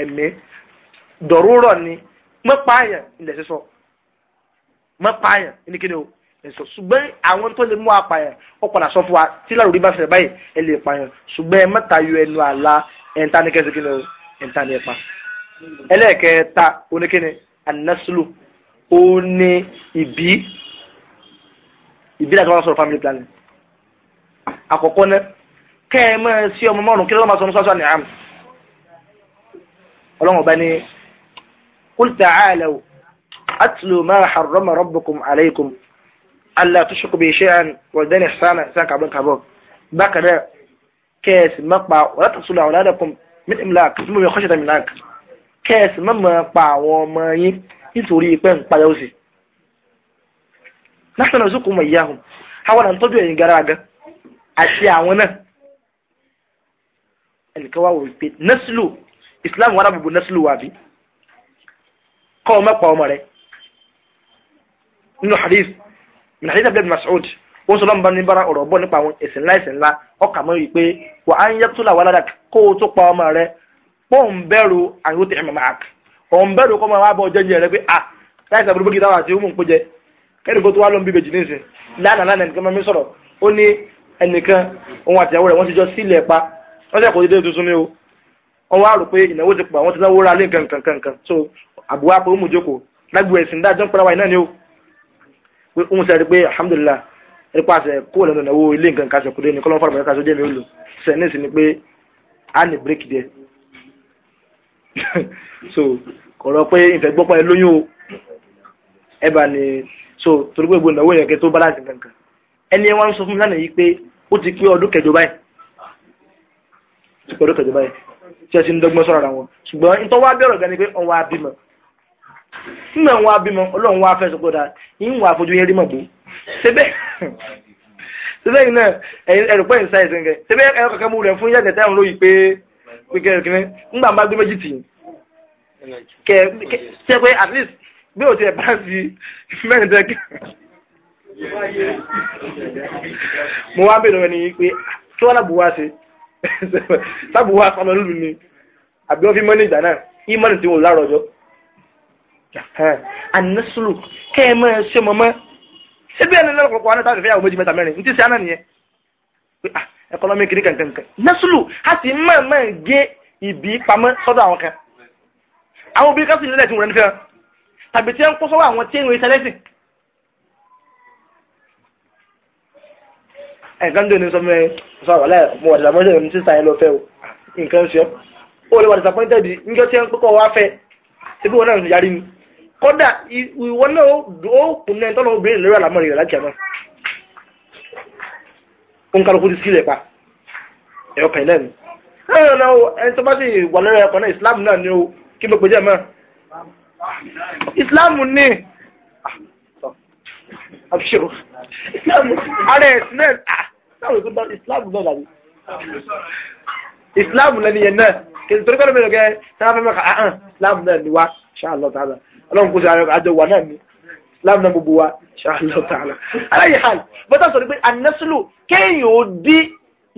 Speaker 1: ẹ̀mí dọ̀rúrọ̀ ni mọ́pàáyàn ilẹ̀ sísọ mọ́pàáyàn ní kíni o ẹ̀sọ́ ṣùgbọ́n àwọn tó lè mú apààyàn ó padà sọ fún wa tí láròrí bá fẹ̀ báyìí ẹ lè pààyàn ṣùgbọ́n ẹ mẹ́ta yọ ẹnu àlá ẹ̀ńtà ní kẹ́sì kíni o ẹ̀ńtà ní ẹ̀pa ẹlẹ́ẹ̀kẹta oníkíni anásùlù ó ní ìbí ìbí làtọ́ wọn sọ̀rọ̀ family planning àkọ́kọ́ náà kẹ́ ẹ máa ṣí ọmọ márùn-ún kí ló máa sọ ọmọ sọ́sọ́ ní àmì ọlọ́run ọba ní qul ta'alaw atlu ma harrama rabbukum alaykum alla tushriku bihi shay'an wa dẹ́ni sáànà sáà kàbọ̀ kàbọ̀ bákan náà kẹ́ẹ̀sì mọ́pa wala taqtulu awladakum min imlaq fún mi khashyata imlaq kẹ́ẹ̀sì mọ́mọ́ pa àwọn ọmọ yín nítorí pẹ́ ń payọ́ sí násánà òsùkú mọ̀ ìyá hùn àwọn àtọ́jú ẹ̀yìn garaga àti àwọn náà ẹnìkan wá wò pé nẹ́sìlò islam wọn abubu nasilu wa bi kọ́ ọmọ pa ọmọ rẹ̀ nínú hadith min hadith abdul mas'ud ó sọ lọ́nà bá ní bára ọ̀rọ̀ bọ́ nípa àwọn ẹ̀sìn ńlá ẹ̀sìn ńlá ọkà mọ́ yìí pé wà á ń yẹ́ tó làwọn aládàá kó o tó pa ọmọ rẹ̀ pọ́ ń bẹ̀rù àyùn tẹ̀ ẹ̀mọ̀ àk ọ̀n bẹ̀rù kọ́ máa wá bọ́ jẹ́jẹ́ pé láì sàbúrú bókítà wà sí òun ọwọ́ àrò pé ìnáwó ti pọ̀ àwọn ti náwó ra lé nǹkan nǹkan nǹkan so àbúwá pé ó mú jókòó lágbo ẹ̀sìn dájọ́ ń pẹ́ra wa iná ni ó pé òun sẹ́ni pé alhamdulillah nípa àṣẹ kó lẹ́nu ìnáwó ilé nǹkan kan ṣẹkùdé ní kọ́lọ́n fọ́ọ̀mù ẹ̀ka sójú ẹ̀mí olù sẹ́ni ní ìsìn pé a ní bírèkì díẹ̀ (laughs) so kọ̀rọ̀ pé ìfẹ́ gbọ́pọ̀ ẹ lóyún o ẹ bá ní so torí pé gbogbo ìnáwó yẹn kẹ́ tó balance kankan ẹni wọn sọ fún mi lánàá yìí tí ẹ ti ń dọ́gbọ́n sọ́ra wọn ṣùgbọ́n ní tó wá bẹ̀rọ̀ gan ni pé ọ̀n wá bímọ nígbà wọn wá bímọ ọlọ́run wá fẹ́ sọ́kọ́ dáa yín wà fojú yẹn rí mọ̀ bó ṣébẹ́ ṣébẹ́ yìí náà ẹ̀rù pẹ́yìn sáyẹ̀ sí nǹkan ṣébẹ́ ẹ̀rọ kankan mú rẹ̀ fún yàtẹ̀ táwọn lóyìí pé pínpín kìíní nígbà bá gbé méjì tì í kẹ ṣe pé at least bí o ti ẹ̀ bá sí mẹ́rin tẹ́ kí mo wá bèèrè wọn ni pé ah, kí wọ́n lábùwá ṣe sábò wá sọmọ lùlù ni àbí wọ́n fi mọ́ ní ìgbà náà ìmọ̀nì tí wọ́n láàrọ̀ ọjọ́ ànásùlù kẹ́ ẹ máa ṣe mọ́mọ́ ṣé bí ẹni lọ́pọ̀lọpọ̀ wọn táwọn ìfẹ́yàwó méjì mẹ́ta mẹ́rin ní ti ṣe àná nìyẹn ẹkọlọ́mì kiri kankankan násùlù a sì máa máa gé ìbí pamọ́ sọ́dọ̀ àwọn kan àwọn obìnrin kan sì nílẹ̀ tí wọ́n rẹ̀ nífẹ̀ẹ́ tàbí tí wọ́n kó sọ́wọ́ àwọn tí ń wọ iṣẹ́ ẹ̀kan tó ní sọ mẹ́ sọ wà láì mo wà disappointed ní sísan yẹn lọ fẹ́ o nǹkan ṣe ó lè wà disappointed níjọ́ tí ẹ ń pẹ́kọ̀ wá fẹ́ ṣébí wọn náà yarí ni kódà ìwọ náà ó kùn náà tọ́nà obìnrin lórí àlámọ́ rẹ̀ láti àná nkàlùkù ti sílẹ̀ pa ẹ̀yọ kàn náà ni ẹ̀yọ náà ẹni tó bá sì wà lórí ẹ̀kọ́ Islam náà ni o kí ló pèjẹ́ mọ́ Islam ni àbíṣe o Islam ara ẹ̀sìn náà táwọn èso dá islam náà dàbí islam lẹ́ni yẹn náà kì í torí kọ́ni mẹ́rin gẹ́ táwọn fẹ́ mẹ́ka ahàn ah, islam náà ni wá ṣáàlọ́ tààlà ọlọ́run kò sí àjọ wà náà ni islam náà gbogbo wa ṣáàlọ́ tààlà. aláyè hàn bọ́tà sọ̀rọ̀ pé anẹ́sùlù kéèyàn ó dí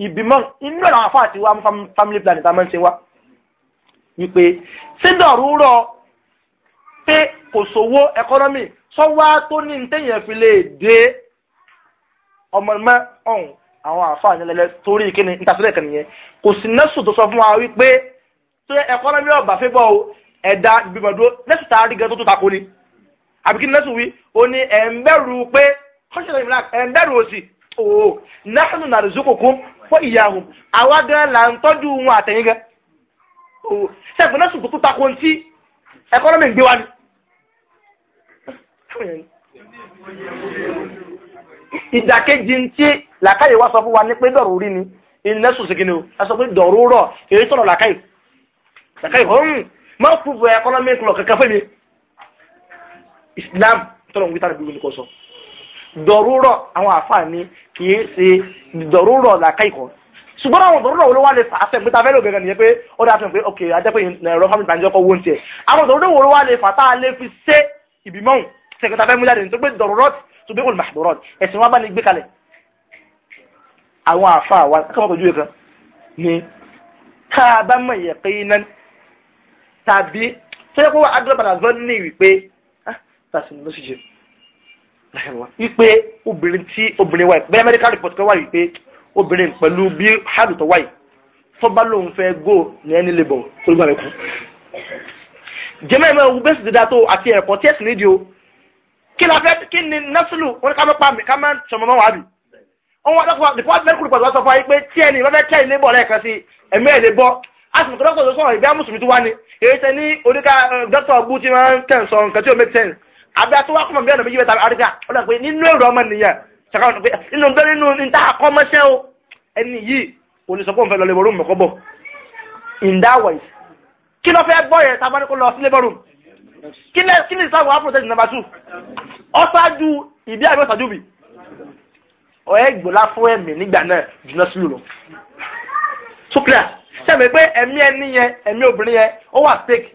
Speaker 1: ìbímọ inú ọ̀nà àwọn afáàtì wa family planning tá a máa ń ṣe wá wípé síndọ̀rú rọ̀ pé kò sówó ẹkọ́nọ́mì sọ́wọ́ tó ní ní téèyàn fi lè dé ọmọ mẹ́ ọ̀hún àwọn àfáà nílẹ̀ torí kí ni ìtàsílẹ̀ kan nìyẹn kò sí nẹ́sù tó sọ fún wa wípé tó yẹ ẹ̀kọ́ náà bí ọ̀bà fíbọ̀ o ẹ̀dá gbìmọ̀dúró nẹ́sù tá a rí gan tó tó tako ni àbí kí nẹ́sù wí ó ní ẹ̀ ń bẹ̀rù pé kọ́ṣẹ́lẹ̀ ìmìlá ẹ̀ ń bẹ̀rù òsì òò nahnu narzuqukum wa iyyahum àwa gan là ń tọ́jú wọn àtẹ̀yìn gan sẹ́gun nẹ́sù tó tó tako ti ẹ̀kọ́ náà ìdàkejì ń tí làkàyè wá sọ fún wa ní pé dọ̀rù rí ni iná sùn sí kí ni o a sọ pé dọ̀rù rọ̀ èyí tọ̀rọ̀ làkàyè làkàyè hàn má kú fún economic law kankan fún mi Islam tọ̀rọ̀ ń gbé tàbí ní kò sọ dọ̀rù rọ̀ àwọn àfààní kì í ṣe dọ̀rù rọ̀ làkàyè kan ṣùgbọ́n àwọn ọ̀dọ́rọ̀ wo ló wá lè fà á fẹ́ pẹ́ta fẹ́lẹ̀ ògẹ́gẹ́ nìyẹn pé ó dáa fẹ́ pé ok ajẹ́pẹ́ ẹ̀rọ fámìlì tàbí ọkọ̀ àwọn àfa àwa káwọn tó ju ẹ̀kan ni tá a bá mọ̀ yẹ pé iná tàbí tó yẹ kó adúlábàdà zọ́ ní wípé ah, tàṣí ni ló ṣe jẹ wípé obìnrin tí obìnrin wáyé bẹ́ẹ̀ medical report kan wáyé wípé obìnrin pẹ̀lú bí hàlù tó wáyé tó bá lóun fẹ́ go ní ẹni labour tó gbà mí kú jẹ́mọ́ ìmọ̀ ewu bẹ́sì dídá tó àti ẹ̀kọ́ tí ẹ̀sìn nídìí o kí ni násìlù wọn ká mọ́ pa mi ká mọ́ sọmọ́ wàá bì wọ́n wá dọ́kọ̀ dìpọ́tì mẹ́kùrù pọ̀tù wá sọ fún ayé pé tí ẹni ìrọ́lẹ́ tẹ́ ilé bọ̀ lẹ́ẹ̀kan sí ẹ̀mí ẹ̀ lè bọ́ a dọ́kọ̀ tó sọ̀rọ̀ ìgbà mùsùlùmí tó wá ní èyí tẹ ní oníkà dọ́kọ̀ bú ti máa ń tẹ̀ sọ nǹkan tí ó mẹ́tẹ̀ ní abẹ́ tó wá kọ́mọ̀ bí ọ̀nà méjì mẹ́ta àríkà ó dà pé nínú èrò ọmọ nìyẹn ṣàkà in that way kí ló fẹ́ bọ́ yẹn a bá ní kó lọ sí labor room kí ni ìsáwọ̀ á number two ọ̀ṣáájú ìdí àbí ọ̀ṣáájú bì ọ̀yẹ́ gbòlá fún ẹ̀mí nígbà náà jùlọ sílù so clear sẹ́mi pé ẹ̀mí ẹni yẹn emi obìnrin yẹn ó wà fake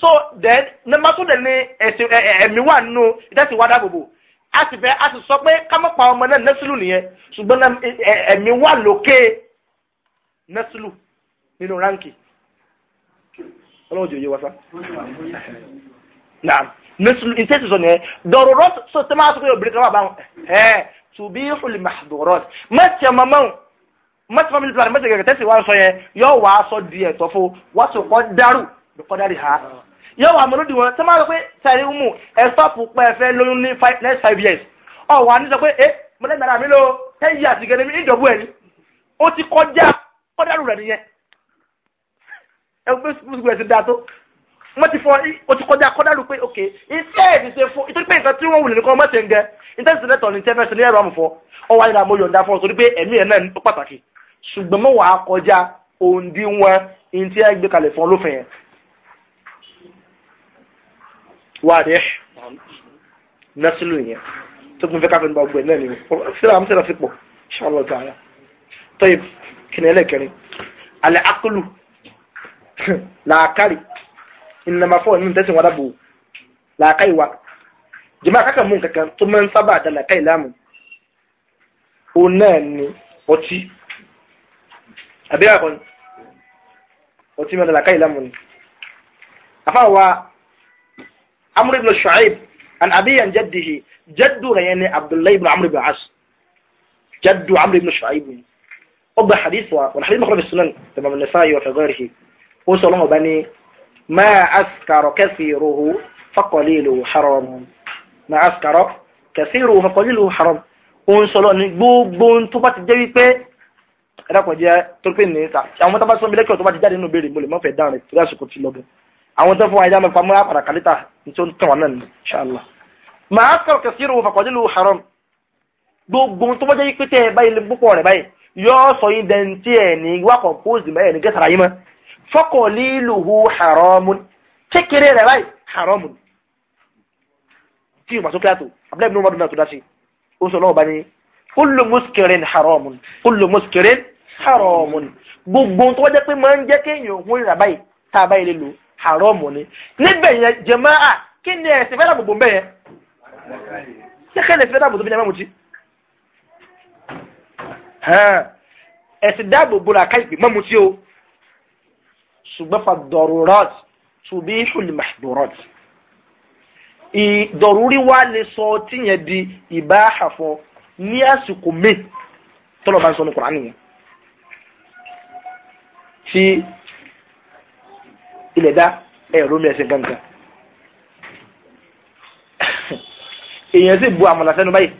Speaker 1: so then nọ́mbà tó de ní ẹ̀mí wà nínú ìdẹ́sí wà gbogbo a sì fẹ́ a sì sọ pé kámọ́pà ọmọ náà nẹ́sìlù nìyẹn ṣùgbọ́n ẹ̀mí wà lókè nẹ́sìlù nínú ránkì ọlọ́run na wá sá. nà nẹ́sìlù ìtẹ́sí nìyẹn sọ tubihu al-mahdhurat mọ́tìmọ́mọ́ family plan mọ́tìmọ́mọ́ tẹ́sí wá ń sọ yẹn yóò wá sọ di ẹ̀tọ́ fún wọ́n tó kọ́ dárù lọ́kọ́ dárì ha yóò wá mọ́lódì wọn tẹ́ máa sọ pé sẹ́rí umu ẹ̀ stọ́pù pẹ́ fẹ́ lóyún ní next five years ọ̀ wà ní sọ pé ẹ eh, mọ́lẹ́ nàrà mi ló ten years gẹ́gẹ́ mi ìjọ̀bú ẹ̀ ni ó ti kọjá kọ́ dárù rẹ̀ nìyẹn ẹ wọ́n ti fọ́ ó ti kọjá kọ́dálù pé ok iṣẹ́ ìdíje fún ìtorí pé nǹkan tí wọ́n wù nìkan ọmọ ṣe ń gẹ intensive lẹ́tọ̀ ní tẹ́fẹ́ sí ní ẹ̀rọ àmùfọ́ ọwọ́ ayélujára mo yọ̀ǹda fún ọ torí pé ẹ̀mí ẹ̀ náà ó pàtàkì ṣùgbọ́n mọ̀ wàá kọjá òǹdí wọn ní tí ẹ gbé kalẹ̀ fún olófin yẹn. wà á dẹ́ nẹ́sìlú yẹn tó tún fẹ́ káfíń bá gbẹ̀ náà ni síra àmúṣẹ́ra sí pọ̀ ṣàlọ́ tààrà tọ́yìn kìnìún ẹlẹ́kẹrin alẹ́ akọlù làákàrí إنما فوق من تسمى ربو لا قي وقت جماعة كاكا مون كاكا ثم انصبع دانا قي لامو وناني وتي أبي أقول وتي مدى لا قي لامو أفا هو عمرو بن شعيب عن أبي عن جده جد رياني عبد الله بن عمرو بن عاص جد عمرو بن شعيب قد حديث والحديث مخرج السنن تمام النسائي وفي غيره وصلى الله بني ما أسكر كثيره فقليله حرام ما أسكر كثيره فقليله حرام òun sọ̀rọ̀ ní gbogbo tó bá ti jẹ́ wípé ẹ̀dàkọ̀jẹ́ tó pè ní ìta àwọn tó bá sọ́mi lẹ́kọ̀ọ́ tó bá ti jáde nínú béèrè mo lè mọ́fẹ̀ẹ́ dáhùn rẹ̀ torí àsìkò ti lọ́gẹ̀ àwọn tó fún wa ẹja mẹ́fà múra padà kálítà tó ń tàn wá náà ní ṣáàlá. màá kọ̀rọ̀ kẹsí ìrò fàkọ́jú lu haram gbogbo tó bá jẹ́ wípé tẹ́ ẹ báyìí lè púpọ̀ rẹ̀ báyìí yóò sọ yín dẹ́ntì ẹ̀ ní wákọ̀ pósì mẹ́ẹ̀ ní kẹsàrà yín mọ́ faqaliluhu haramun kékeré rẹ̀ báyìí haramun tí o màsókè àtò abúlé ìbínú ọmọdún náà tó dá sí ó sọ lọ́wọ́ bá ní kullu muskirin haramun kullu muskirin haramun gbogbo tó wájẹ́ pé máa ń jẹ́ kéèyàn òun ìrà báyìí tá a báyìí lè lò haramun ni níbẹ̀ yẹn jàmáà kí ni ẹ̀sìn fẹ́ràn gbogbo mbẹ́ yẹn kẹ́kẹ́ lè fẹ́ràn gbogbo bí ní ẹ̀sìn dáàbò bora káyìpé mọ́ mutí o ṣùgbọ́n fa dọ̀rọ̀rọ̀t tùbí ṣùlùmọ̀dọ̀rọ̀t ìdọ̀rúrí wá lè sọ tí yẹn di ìbáhà fún ní àsìkò mé tọ́lọ̀ bá ń sọ ní kùránì yẹn tí ilẹ̀ dá ẹ̀rọ mi ẹ̀sìn gangan èèyàn sì bu àmàlà sẹ́nu báyìí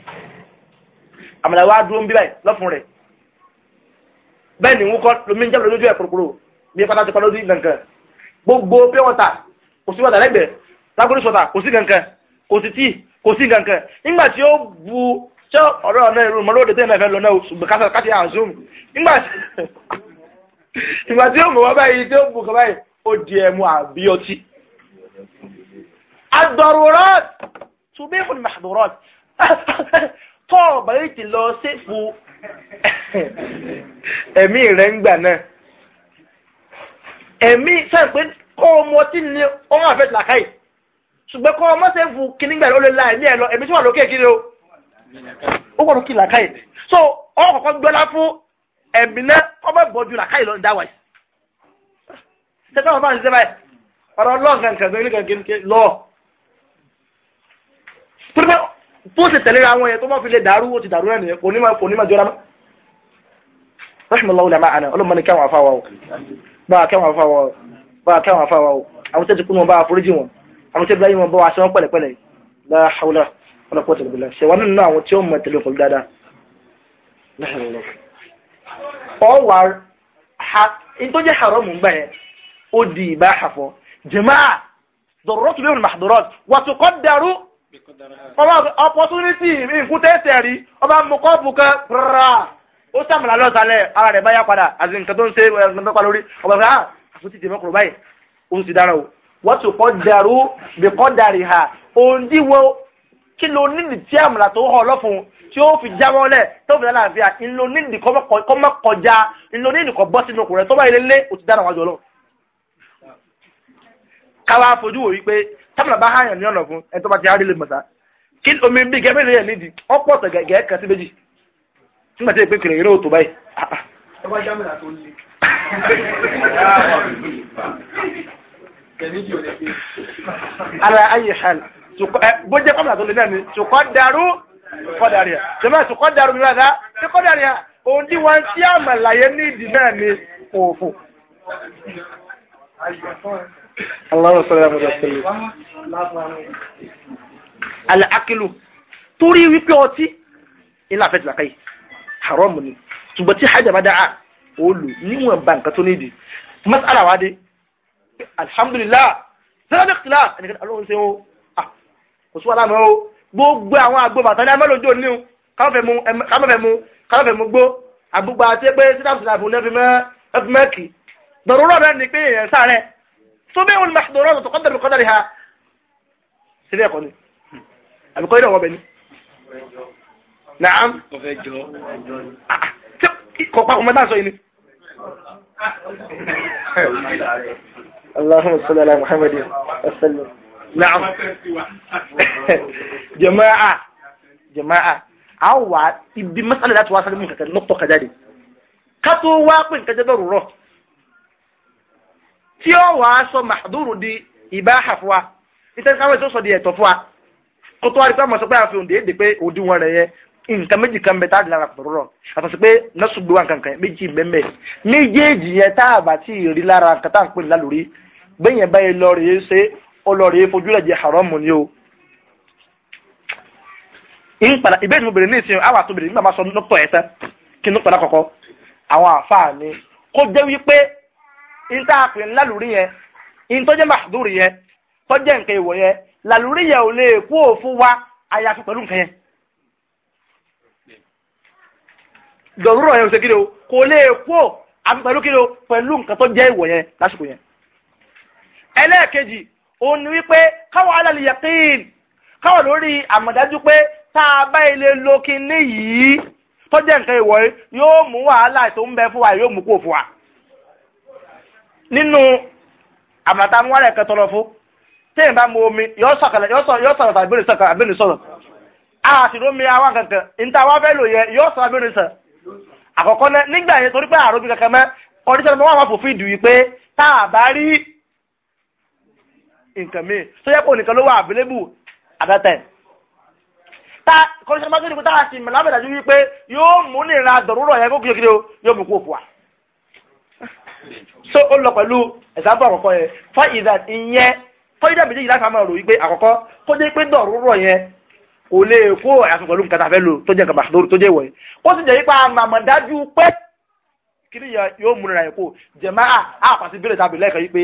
Speaker 1: àmàlà wa dúró ń bí báyìí lọ́fun rẹ̀ bẹ́ẹ̀ ni wọ́n kọ́ lómi ń jábọ̀ lójú ẹ̀ kúrúkúrú bí ẹ pátá ti pa lórí gankan gbogbo pé wọ́n ta kò sí wọ́ta lẹ́gbẹ̀ẹ́ lágbórí sọ́ta kò sí gankan kò sí tí kò sí gankan nígbà tí ó bu ṣé ọ̀rọ̀ ọ̀nà ìrù mọ́ lóde tẹ́lẹ̀ fẹ́ lọ náà ṣùgbọ́n kásá kásá yà zoom ìgbà (laughs) tí ó mú wọ́n báyìí tí ó bu kọ báyìí ó di ẹmu àbí ọtí adọ̀rọ̀rọ̀ tùbí fún mahdọ̀rọ̀ (laughs) tọ́ọ̀ bàyìí ti lọ sí fún (laughs) ẹ̀mí rẹ̀ ń gbà náà ẹ̀mí sẹ́yìn pé kọ́ ọmọ tí ni ọmọ àfẹ́ làkàì ṣùgbọ́n kọ́ ọmọ sẹ́yìn fún kí nígbà ló lè la ẹ̀mí ẹ̀ lọ ẹ̀mí tí wà lókè kiri o ó gbọ́dọ̀ kí làkàì so ọmọ kọ̀ọ̀kan gbọ́lá fún ẹ̀mí náà ọmọ ìbọ̀jú làkàì lọ dáwà yìí sẹ́tọ́ ọmọ àti sẹ́fà ọ̀rọ̀ ọlọ́ọ̀kan bó ṣe tẹ̀lé àwọn èèyàn tó mọ́ fi lè dàrú ó ti dàrú rẹ̀ nìyẹn kò ní máa jọra mọ́. rahimahullah ulama ana ni káwọn afáwa o bá a kẹ́wọn afáwọ̀ bá a kẹ́wọn afáwọ̀ àwọn tẹ́tù kúnnú bá a foríjì wọn àwọn tẹ́tù láyé wọn bá wa ṣe wọn pẹ̀lẹ́pẹ̀lẹ́ láhàúlà wọn kọ́ tẹ̀lé bílá ṣẹ̀wọ́n nínú àwọn tí ó mọ̀ tẹ̀lé pẹ̀lú dáadáa ọwà tó jẹ́ haram ń gbà yẹn ó di ìbá tẹ́tẹ̀ rí ọba mọ̀kọ́ bùkẹ́ rárá ó sàmùlà lọ́sàlẹ̀ ara rẹ̀ báyá padà àti nǹkan tó ń ṣe nǹkan tó pa lórí ọmọ ìgbà àtúntò ti tèmọ́kùnrin báyìí ó ń ti dára o wọ́n ti kọ́ dàrú bí kọ́ dàrí ha òun díwọ́ kí ló nídìí tí àmùlà tó hàn lọ́fun tí ó fi já wọlé tó fi dára àfi à ń lo nídìí kọ́ má kọjá ń lo nídìí kọ́ bọ́ sínú ọkùnrin tó bá ilé lé ó ti dára wájú ọlọ́run. káwa fojú wò wípé tábìlà bá hàn ní ọ̀nà fún ẹ tó bá ti rárí lè mọ̀ta kí omi bí gẹ́gẹ́ bí lè nídìí ọ̀pọ̀ ọ̀tọ̀ gẹ́gẹ́ méjì nígbà tí ìpín kìrìyìn náà tó báyìí. ala ayi hal bó jẹ́ kọ́mìnà tó lè náà ni tukọ́ darú tukọ́ darí à jẹ́mọ́ tukọ́ darú mi rárá tukọ́ darí à òun dí wọn tí a mà láyé ní ìdí náà ni òfò. Allahu sọ̀rọ̀ àmọ́ ìdọ̀tí. Àlẹ́ akílù torí wípé ọtí ilé àfẹ́tìlákàyè haram ni ṣùgbọ́n tí hajj bá dáa ó lò níwọ̀n ba nǹkan tó nídìí masala wa dé alhamdulilah zara de kila ẹnìkan alóhùn ṣe o kò sí wàhálà mọ́ o gbogbo àwọn àgbo bàtà ní amẹ́lòjó ní o káwọn fẹ́ mu káwọn fẹ́ mu káwọn fẹ́ mu gbó àgbogbo àti pé sítáàfù sítáàfù ní ẹfí mẹ́kì dọ̀rọ̀rọ̀ rẹ ni pé èèyàn sáré tó bẹ́ẹ̀ wọn máa dọ̀rọ̀ tó kọ́dà kọ́dà rí ha síbẹ̀ ẹ̀kọ́ àbíkọ́ yìí náà bẹ ní. Naam. Ọfẹ́ jọ. Ah, ah. Kọ̀pá ọmọ náà Allahumma salli ala Muhammadin wa sallam. Naam. Jama'a. Jama'a. A wà ibi mẹ́sàn-án láti wá sáré mú kankan lọ́pọ̀ kajáde. Ká tó wá pé nǹkan jẹ́ bẹ̀rù rọ̀. Tí ó wà á sọ màdúrù di ìbáhà fún wa. Ìtẹ́síkáwé tó sọ di ẹ̀tọ́ fún wa. Kó tó wá rí pé àmọ̀ sọ pé àfi òǹdè èdè pé òdiwọ̀n rẹ̀ yẹn nǹkan méjì kan bẹ tá a di lára pẹ̀lú rọ̀ àtọ̀ sí pé nọ́ọ̀sù gbé wa nǹkan kan méjì mẹ́mẹ́ méjèèjì yẹn tá a bá tí ì rí lára nǹkan tá à ń pè lálórí gbẹ̀yìn báyìí lọ rèé ṣe ó lọ rèé fojú rẹ̀ jẹ haramu ni o. ìpàdà ìbéèrè mi bèrè ní ìsìn àwọn àtúbèrè nígbà máa sọ nọ́tọ̀ ẹ̀ tán kí n pàdà kọ̀kọ́ àwọn àfáà ni kó jẹ́ wípé n tá a pè lálórí yẹn n tó jẹ́ dọ̀rọ̀ yẹn ṣe kí ni o kò lè pọ̀ pẹ̀lú kí o pẹ̀lú nǹkan tó jẹ́ ìwọ̀ yẹn lásìkò yẹn ẹlẹ́ẹ̀kejì òun ni wípé káwọ̀ alàlì yaqin káwọ̀ lórí àmọ̀dájú pé tá a bá ilé lo kinní yìí tó jẹ́ nǹkan ìwọ̀ yìí yóò mú wàhálà tó ń bẹ fún wa yóò mú kó fún wa nínú àmàtà mú wàhálà ẹ̀kẹ́ tọrọ fún téèyàn bá mu omi yóò sọ̀rọ̀ tàbí sọ̀rọ̀ lómi kankan wá fẹ́ lò yẹ àkọ́kọ́ náà nígbà yẹn torí pé àròbí kankan mẹ́ ọdíṣẹ́ lọ́wọ́ àwọn fòfin dùn yìí pé tá a bá rí nǹkan mi tó yẹ pé ònìkan ló wà available at that time tá kọ́díṣẹ́ máa tó ní pé sì mọ̀ lábẹ́dájú wípé yóò mú nira dọ̀rúrọ̀ yẹn kó kékeré yóò mú kó fò so ó lọ pẹ̀lú example àkọ́kọ́ yẹn fọ́ ìdá ìyẹn fọ́ ìdá méjèèjì láti máa rò wípé àkọ́kọ́ kó dé pé dọ̀rúrọ̀ yẹn kò lè kó àyàfin pẹ̀lú nǹkan tàfẹ́ lò tó jẹ́ nǹkan màṣúdóró tó jẹ́ ìwọ̀ yìí ó sì jẹ́ yípa àmàmà dájú pé kiri yóò múnira ẹ̀kọ́ jẹ̀má àpàtì bílẹ̀ tàbí lẹ́ẹ̀kan yìí pé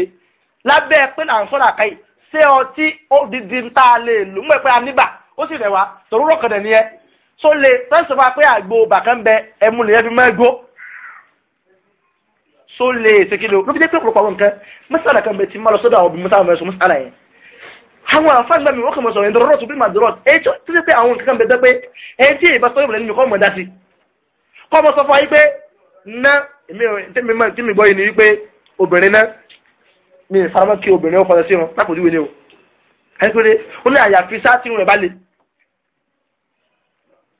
Speaker 1: lábẹ́ pé là ń sọ́ra káyì ṣé ọtí ó dídí ń ta lè lò mọ̀ pé aníbà ó sì rẹwà tòrúrọ̀ kọ̀dẹ̀ ni ẹ tó lè fẹ́sọ̀ fà pé àgbo bàkán bẹ ẹmu lè yẹ fi mọ́ ẹgbó so lè ṣe kí ló ló fi dé pé ọ̀pọ̀lọpọ̀ àwọn nǹkan mọ́sálà kan bẹ ti má lọ sọ́dọ̀ àwọn obìnrin mọ́sálà yẹn àwọn àfáàgbà mi wọ́n kàn mọ̀ sọ̀rọ̀ ìdọ̀rọ̀ tó bí màá dọ̀rọ̀ ẹ̀ tó ti pé àwọn kankan bẹ̀dẹ̀ pé ẹ̀ tí èyí bá sọ ìbùlẹ̀ nínú kọ́ mọ̀ dá sí kọ́ mọ̀ sọ fún ayé pé ná tí mi gbọ́ yìí ni wípé obìnrin náà mi ì faramọ́ kí obìnrin ó fọdọ̀ sí wọn lápòjúwe ni o ẹ̀ pé ó ní àyàfi sá tí rẹ̀ bá le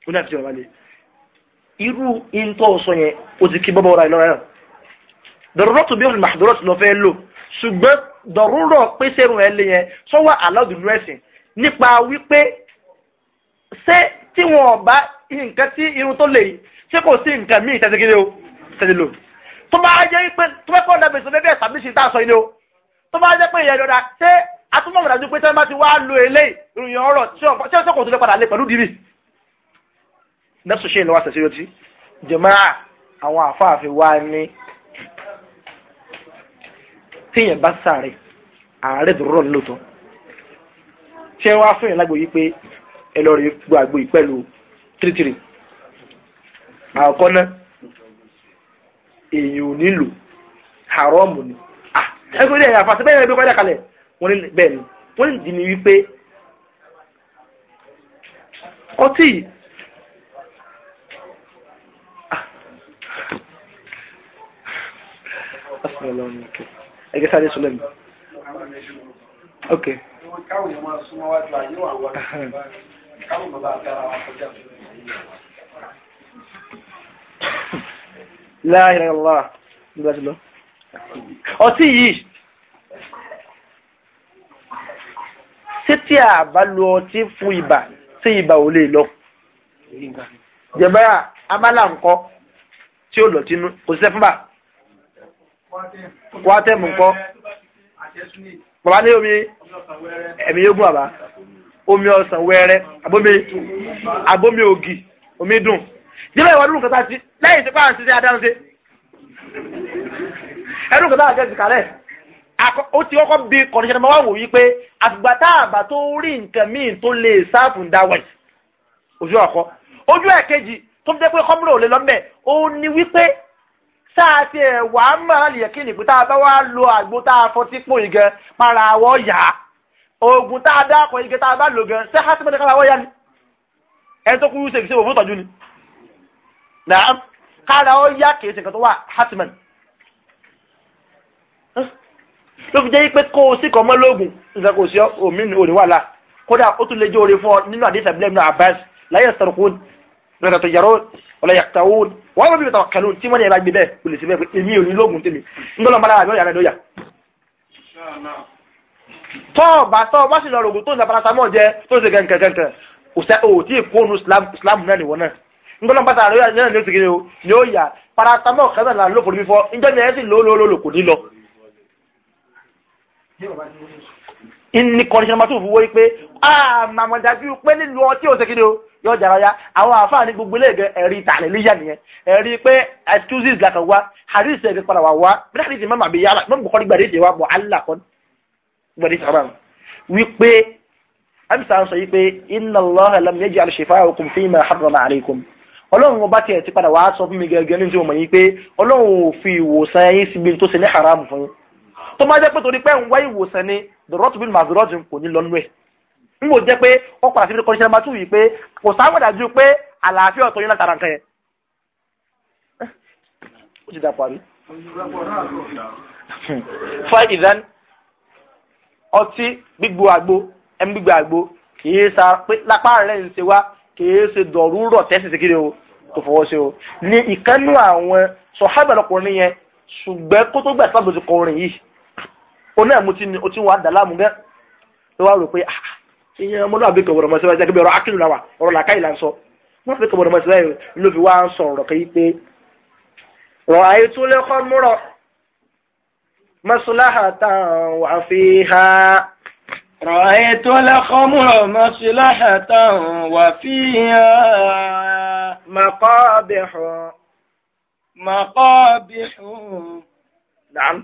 Speaker 1: ó ní àyàfi tí rẹ̀ bá le irú ìntọ́ sọ yẹn ó ti kí bọ́bọ́ ra ìlọ́ra náà dọ̀rọ̀ tó bí dọ̀rúrọ̀ pé sẹ́rùn ẹ̀ lé yẹn sọ́wọ́ àlọ́dúnú ẹ̀sìn nípa wípé ṣé tí wọn bá nǹkan tí irun tó lè yìí ṣé kò sí nǹkan míì tẹ́sẹ̀kiri o tẹ́sẹ̀ lò tó bá jẹ́ pé tó bá kọ́ ọ̀dàbẹ̀sọ bẹ́ẹ̀ bẹ́ẹ̀ tàbí ṣe tá a sọ yìí o tó bá jẹ́ pé ìyẹn lọ́dà ṣé atúmọ̀ mọ̀dájú pé tẹ́lẹ̀ bá ti wá lo eléyìí ìròyìn ọ̀rọ̀ tí ọ̀sẹ̀ kò tó lè padà lé pẹ̀lú dìrì nẹ́fṣọ̀ṣẹ́ ìlú wa tẹ̀síwọ́tì jẹ̀mọ́ àwọn àfáàfin wa ní téèyàn bá sáré ààrẹ dòrò lóòótọ́ ṣé wàá fún yàn lágbo yìí pé ẹ lọ rí gbọ́ àgbo yìí pẹ̀lú tírítírí àkọ́kọ́ náà èèyàn ò nílò haramu ni ẹgbẹ́ ilé ẹ̀yà fàṣẹ bẹ́ẹ̀ ni ẹgbẹ́ padà kalẹ̀ wọ́n ní bẹ́ẹ̀ ni wọ́n ní dìní wípé ọtí Assalamu alaikum ẹgbẹ́ sáré sọ lẹ́nu. ok. La yẹn máa súnmọ́ wájú àyè wà wá káwọn bàbá àgbára wa kọjá láàrin ọlá nígbà tí lọ. a bá lo ọtí fún ibà tí ibà ò lè lọ jẹ̀bẹ́rà amálà ńkọ́ tí ó lọ tínú kò sí fún bà wátẹ̀mù ńkọ́ bàbá ní omi ẹ̀mí yógún àbá omi ọsàn wẹ́rẹ́ àbómi ògì omi dùn níbẹ̀ ìwọ̀n dùn kọta sí lẹ́yìn tí pàà ń ṣiṣẹ́ adáhùn sí ẹ̀dùn kọta àjẹ́ ti kàlẹ̀ ó ti kọ́kọ́ bí kọ̀nìṣẹ́ ọmọ wáwò wípé àfìgbàtà àbà tó rí nǹkan míì tó lè sáàfùn dáwẹ̀ ojú ọkọ ojú ẹ̀kejì tó ń jẹ́ pé kọ́mùrò lè lọ́mẹ̀ ó ní wípé sáàtì ẹ̀wà máa lè kí nìpín tá a bá wá lo àgbo tá a fọtí pò yìí gan para àwọ̀ yá oògùn tá a dákọ̀ yìí gan tá a bá lò gan ṣé hásìmọ́ ní kára àwọ̀ yá ni ẹni tó kú ṣe fi ṣe òfin tọ́jú ni náà kára ó yá kìí ṣe nǹkan tó wà hásìmọ́ ló fi jẹ́ pé kó o sì kọ́ mọ́ lóògùn nǹkan kò sí omi ní òní wàhálà kódà ó tún lè jẹ́ oore fún ọ nínú àdéhùn àbáyé láyé sọ̀rọ̀ kún tó yàrá ọ̀lẹ́yàtàwọ́n wọ́n yóò bí ìtàwọn kẹlú tí wọ́n ní ẹ̀rọ gbé bẹ́ẹ̀ kò lè ṣe bẹ́ẹ̀ pé èmi ò ní lóògùn tèmi ńgbọ́n bá lára àbíọ́yà rẹ̀ lóyà. tọ́ bá tọ́ bá sì lọ rògùn tó ń sàpàlà sàmọ́ jẹ tó ń ṣe kẹ̀kẹ̀kẹ̀ o tí ì kóònù sílámù náà nìwọ̀n náà ńgbọ́n bá tààrà lóyà náà ní oṣù kiri o ni ó yà paratamọ́ kan náà ló forí fífọ́ ńjẹ́ ni ẹ sì lólólólò kò ní lọ ní kọ́ndíṣẹ́ máa tó fi wọ́n pé àmàmọ̀dájú pé nílò ọtí ò sẹ́kìdì o yóò jára ya àwọn àfáà ní gbogbo iléegbẹ ẹ̀rí ìtàlẹ̀ níyà nìyẹn ẹ̀rí pé excuses la kan wá hadith ẹ̀rí padà wà wá bí láti ti mọ́mà bí yálà mọ́mù kọ́ni gbàdé ìdè wa bọ̀ allah kan gbàdé ìtàkàrà wípé amsa sọ yí pé inna allah lam yaj'al shifa'akum fima harrama alaykum ọlọ́run ọba tiẹ̀ ti padà wá sọ fún mi gẹ́gẹ́ ní ò tó máa jẹ́ pé torí pé ń wá ìwòsàn ni dọ̀rọ̀tù bí màdúrọ́jù kò ní lọ́nú ẹ̀ ń wò jẹ́ pé ó padà sí kọ́ńṣẹ́ pé kò sáwọ́dà ju pé àlàáfíà ọ̀tọ̀ yín nǹkan ó ti ìdán ọtí gbígbó àgbo gbígbó àgbo kìí sa pé lápá rẹ̀ ń ṣe wá kìí ṣe tẹ́sí kiri o tó fọwọ́ o ní ìkánú àwọn òun náà mutí ni o ti wà dàlámù gẹ́ ló wá rò pé ìyẹn ah, ah, ọmọlúwàbí kan wọ̀rọ̀ mọ́sílẹ̀ jẹ́ kí ọ̀rọ̀ akílù náà wà ọ̀rọ̀ làkàyè là ń sọ wọ́n fi kọ̀wọ̀rọ̀ mọ́sílẹ̀ ló fi wá ń sọ ọ̀rọ̀ kan pé rọ̀ ayé tó lẹ́kọ́ múrọ̀ mọ́síláhà tán wà fi ha rọ̀ ayé tó lẹ́kọ́ múrọ̀ mọ́síláhà tán wà fi ha maqabihu maqabihu. Naam.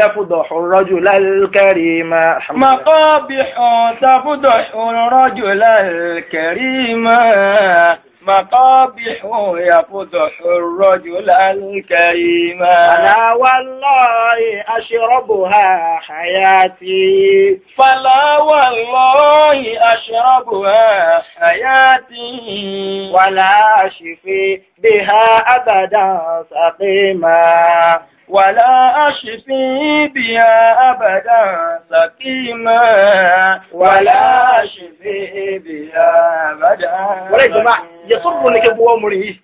Speaker 1: تفضح الرجل الكريم مقابح تفضح الرجل الكريم مقابح يفضح الرجل الكريم أنا والله أشربها حياتي فلا والله أشربها حياتي ولا أشفي بها أبدا سقيما ولا أشفي بها أبدا سقيما ولا أشفي بها أبدا ولا جماعة يسر لك بوا مريه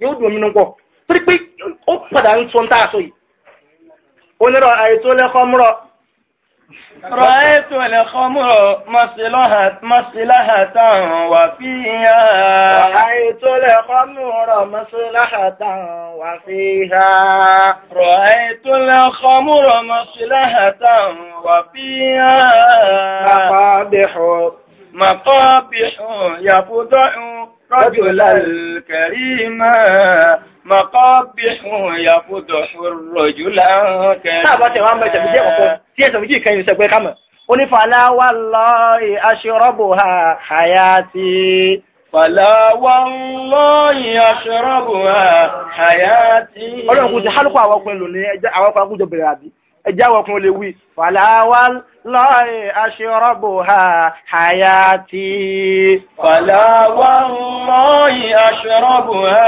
Speaker 1: يودو من نقو pírípí ó padà ń tún tàà sóyìí onírọ̀ àìtó lẹ́kọ́ mọ́rọ̀ rọ̀ àìtó lẹ́kọ́ mọ́rọ̀ mọ́síláhàtàn wà fíyàn الخمر مصلحة وفيها رأيت الخمر مصلحة وفيها مقابح مقابح يفضع رجل الكريم مقابح يفضح الرجل الكريم onífàlá wà lọ́ọ̀ì aṣírọ́bù ha hayati Fàlá wà ń lọ ìyàṣọ́rọ̀bùwà àyàtí. Ọlọ́run kò ti hálùkọ́ àwọn ọkùnrin lò ní ẹjá àwọn ọkùnrin kújọ bẹ̀rẹ̀ àbí. Ẹjá àwọn ọkùnrin lè wí. Fàlá wà ń lọ ìyàṣọ́rọ̀bùwà àyàtí. Fàlá wà ń lọ ìyàṣọ́rọ̀bùwà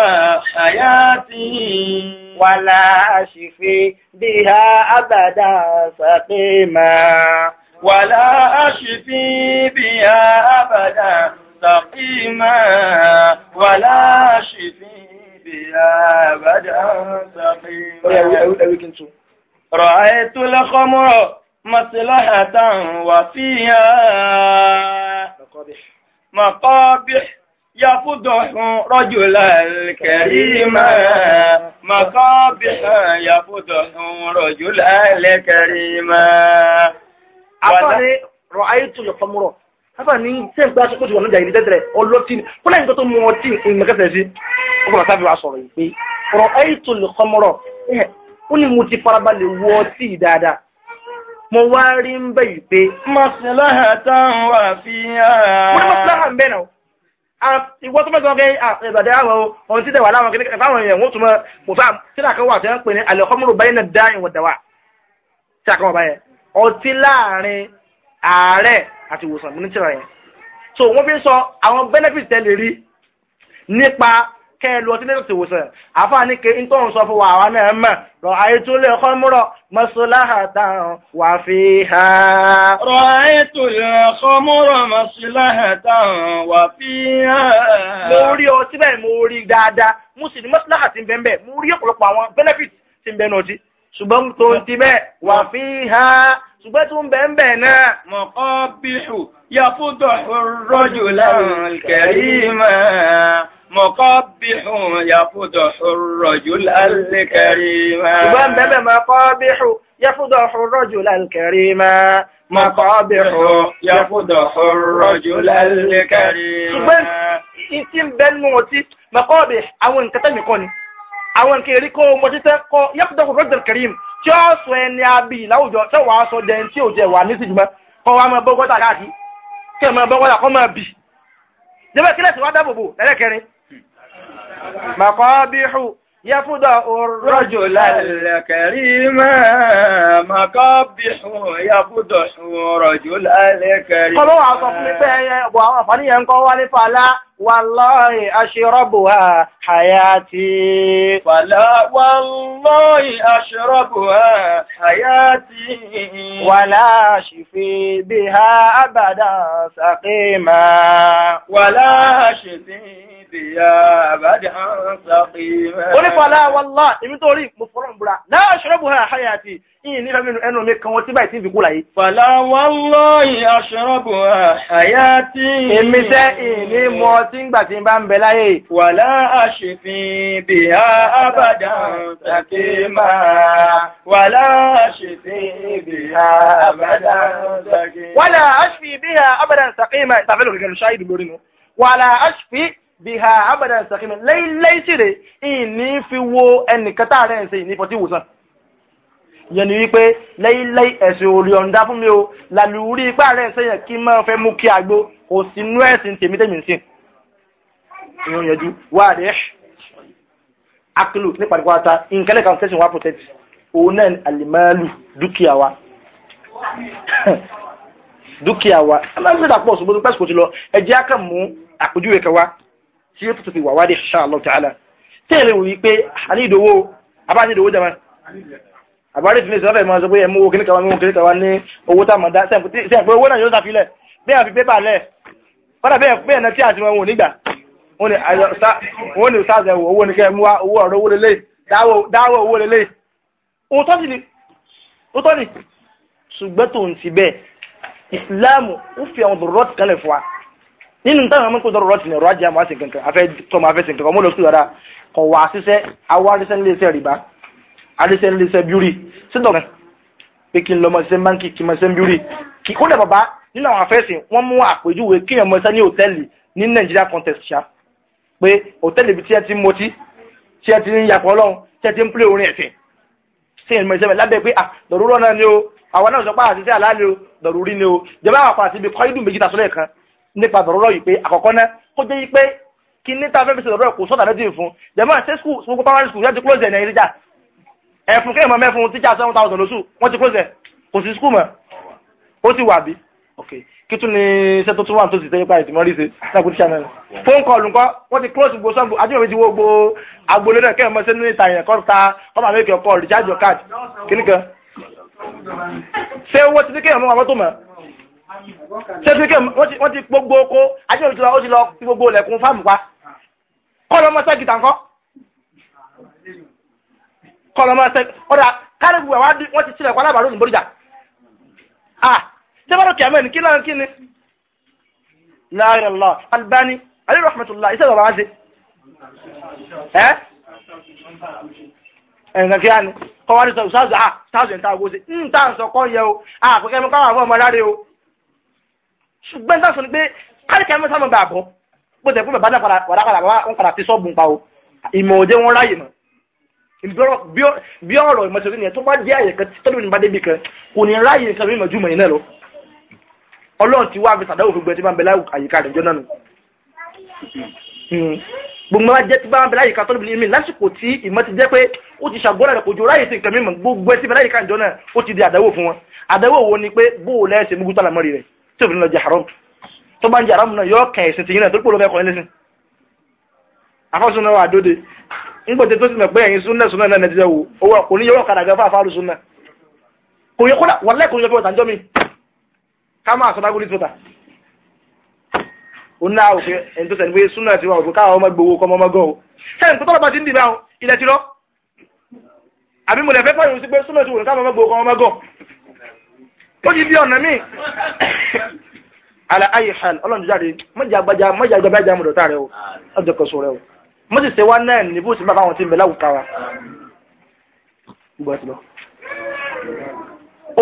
Speaker 1: Wàlá àṣìfé bí ha مستقيما ولا شديد أبدا سقيما رأيت الخمر مصلحة وفيها مقابح يفضح رجل الكريم مقابح يفضح رجل الكريم رأيت الخمر afa ni ṣe n gba aṣọ kóòtù wà lójà ìdí tẹ́tẹ̀rẹ̀ ọlọ́tí ni kó lẹ́yìn tó tó mú ọtí ìmọ̀kẹ́sẹ̀ sí ó kọ̀ọ̀tà fi wá sọ̀rọ̀ yìí pé ọ̀rọ̀ ẹ̀yìtò lè kọ́mọ́rọ̀ ẹ̀ ó ní mo ti farabalẹ̀ wọ ọtí dáadáa mo wá rí ń bẹ̀ yìí pé. mọ̀síláhà táwọn wà fi hàn. wọ́n ní mọ̀síláhà ń bẹ̀ náà ìwọ́n tó mẹ́sàn-án kẹ́ ìbàdẹ́ àwọn ohun títẹ̀ wà láwọn kìnnìkan fáwọn èèyàn wọ́n tún mọ́ mùsà tírà kan wà tí wọ́n pè ní alẹ́kọ́mùrù àti ìwòsàn mú ní yẹn so wọ́n fi sọ àwọn benefits tẹ́lẹ̀ rí nípa kẹ́ẹ̀lú ọtí lẹ́tọ̀ ìwòsàn àfáà ní kí n tó ń sọ fún wa àwa náà mọ̀ rọ àìtúlẹ̀ khamra maslahatan wà fiha. rọ àìtúlẹ̀ khamra maslahatan wà fiha. mo rí ọtí bẹ́ẹ̀ mo rí dáadáa mo sì ní maslaha عقوبتهم بأنبهناء مقبح يفضح الرجل الكريم مقبح يفضح الرجل الكريم بأنبهناء مقبح يفضح الرجل الكريم مقابح يفضح الرجل الكريم إنسان بن موتي مقابح أو انكتن يكون أو انكيريكو موتي يفضح الرجل الكريم tí ó sọ ẹni abì láwùjọ tí wàá sọ dẹni tí ò jẹ wà ní síjúmọ́ kọ́ wa máa bọ́gọ́tà káàkiri kí ẹ máa bọ́gọ́tà kọ́ máa bì jẹ́bẹ̀ kílẹ̀ tí wá dábòbò lẹ́lẹ́kẹrin màkọ́bíhù yẹ́fúdọ̀ òrọ́jò lálẹ́kẹrí máa màkọ́bíhù yẹ́fúdọ̀ òrọ́jò والله أشربها حياتي ولا والله أشربها حياتي ولا شفي بها أبدا سقيما ولا شفي ثيابا سقيما onífàlà wàllá èmi tó rí mo fọ́rọ̀ búra náà ṣọ́rọ̀bù ha àyà ti yìí nífẹ̀ẹ́ mẹ́nu ẹnu mi kan wọ́n tí báyìí tí fi kú láyé. fàlà wàllá ṣọ́rọ̀bù ha àyà ti. èmi tẹ́ ìní mọ tí ń gbà tí ń bá ń bẹ wàlá àṣìfin bì ha àbàdà sàkímà. wàlá àṣìfin bì ha àbàdà sàkímà. wàlá àṣìfin bì ha àbàdà sàkímà. ìtàfẹ́ lórí kẹrin ṣáà ìdúró nínú. wàlá àṣìfin biha abadan sàkímẹ̀ lẹ́ilẹ́ ìṣìrè ìní fi wo ẹnìkan táàrẹ̀ ẹ̀sẹ̀ ìní fọ́tí ìwòsàn yẹni wípé lẹ́ilẹ́ ẹ̀sẹ̀ orí ọ̀ndá fún mi o làlùrí ipá rẹ̀ ẹ̀sẹ̀ yẹn kí máa fẹ́ mú kí àgbo kò sí inú ẹ̀sìn tèmi tèmi sí ìyọ̀n wà rẹ̀ akílù nípa ìǹkẹ́lẹ̀ (laughs) kan tí yóò tó fi wà wádìí insha Allah ta'ala tẹ́lẹ̀ wò wípé àníìdòwò abáníìdòwò jama àbárí fi ní ìsọ́fẹ́ máa sọ pé ẹmú owó kíníkàwá mú kíníkàwá ní owó tá màá dá sẹ́ǹpẹ́ owó náà yóò tà filẹ̀ bí a fi pépà lẹ̀ kọ́dà bẹ́ẹ̀ náà tí àti wọn ò nígbà wọ́n ni sáàzẹ̀ owó ní kẹ́ mú wá owó ọ̀rọ̀ owó ń ti bẹ́ẹ̀ ìsìláàmù ó fi àwọn dòrọ́tì kalẹ̀ fún wa nínú táwọn ọmọ kò dọ̀rọ̀ rọ́ọ̀tì lẹ̀rọ ajé àmọ́ àṣìkàn kan afẹ́ tọmọ afẹ́sìn kankan mọ́ lọ sí ọ̀dà kọ̀ wá ṣiṣẹ́ awọ aríṣẹ́ nílé iṣẹ́ rìbá aríṣẹ́ nílé iṣẹ́ bíúrì sídọ̀kan pé kí n lọ mọ ṣiṣẹ́ báńkì kí n mọ ṣiṣẹ́ bíúrì kí kódà bàbá nínú àwọn afẹ́sìn wọ́n mú àpèjúwe kéèyàn mọ iṣẹ́ ní hòtẹ́ẹ̀lì ní Nàìjíríà contest ṣá pé hòtẹ́ẹ̀lì ibi tí ti ń mọtí tí ti ń yàpọ̀ ọlọ́run tí ti ń o àwọn náà sọ pé àṣìṣe o dọ̀rúrí ni o jẹ́ bá wà pa àti ibi kọ́ ìdùn méjì nípa dọ̀rọ̀rọ̀ yìí pé àkọ́kọ́ náà kó jẹ́ yìí pé kí ní tá a fẹ́ fi ṣe dọ̀rọ̀rọ̀ kò sọ́tà lẹ́dí fún jẹ̀mọ́ ṣé skul gbogbo primary school yẹn ti close ẹ̀ ní ìrìjà ẹ̀fún kéèmọ̀ mẹ́fún tíjà seven thousand lóṣù wọ́n ti close ẹ̀ kò sí skul mọ́ ó sì wà bí ok kí tún ni iṣẹ́ tó tún wà tó sì tẹ́yìn pa ìtìmọ́ rí ṣe lágbo tíṣà náà fóun kọ olùkọ́ wọ́n ti close gbogbo sọ́ọ̀bù ajínigbé ti wo gbogbo agbolé náà kéèmọ̀ sẹ́nu níta yẹn kọ́ ta kọ́ máa mẹ́kẹ̀ẹ́ kọ́ recharge your card kíníkan ṣé owó ti ní kéèmọ̀ àwọn tó mọ̀ ṣẹ́tíríkẹ́ wọ́n ti gbogbo oko ajé òjìlọ o ti lọ gbogbo ilẹ̀kùn fáàmù pa kọ́lọ́mọ sẹ́gìtà ńkọ́ kọ́lọ́mọ sẹ́gìtà ọ̀dà kárìbù wọ́n ti tilẹ̀kùn alábàárò ní bóríjà ah jẹ́bọ́rọ̀ kìámẹ́ ní kí kí ni láàrin lọ albani alẹ́ iṣẹ́ ṣe ẹ́ kí á sọ ń ń sọ kọ́ yẹ o ṣùgbọ́n sáà sọ ni pé káríkì àmọ́ sáà mọ̀ bá àgọ́ bó tẹ̀ fún bàbá náà wàrà padà wọn padà ti sọ́ọ̀bù pa o ìmọ̀ òde wọn ráyè mọ̀ bí ọ̀rọ̀ ìmọ̀sọ̀rí nìyẹn tó bá dé àyè kan tọ́lú ní bá débi kan kò ní ráyè nǹkan mímọ̀ jù mọ̀ yìí náà lọ ọlọ́run ti wá fi sàdáwò fún gbẹ tí bá ń bẹ láwù àyíká rẹ̀ jọ náà nù hmm. gbogbo máa jẹ́ tí bá ń bẹ láyìíká tọ́lú ní mi lásìkò tí ìmọ̀ ti jẹ́ pé ó ti ṣàgbọ́nà rẹ̀ kò jù ráyè sí nǹkan mímọ̀ gbogbo ẹ ti bẹ láyìíká ìjọ náà ó ti di àdáwò fún wọn àdáwò wo ni pé bóò lẹ́sẹ̀ mugu tọ́lámọ́rí rẹ̀ tí òfin lọ jẹ haram tó bá ń jẹ haram náà yóò kàn ẹ̀sìn tìyìn náà tó pòlò mẹ́kọ̀ọ́ ẹlẹ́sìn afọ́sùn náà wà dóde nígbàtí tó ti mẹ̀ pé ẹ̀yin súnà súnà náà nàìjíríà wò owó kò ní yọwọ́ kàdà gẹ́fà fáàlù súnà kò yẹ kódà wọ́n lẹ́kùn yọ pé ọ̀tà ń jọ́ mi ká máa sọ dágúrí tó ta ó náà òfin ẹni tó tẹ̀ nígbé súnà ti wà òfin káwọn ọmọ gbowó kọ́ ọmọ gan o ó ti di ọ̀nà míì ala ayi hal ọlọ́run jáde mọ́jà gbajà mọ́jà gbajà mọ́ dọ̀tà rẹ o ọjọ́ kan sọ rẹ o mo sì ṣe wá náà ní bó ti bá àwọn tí ń bẹ láwùká wa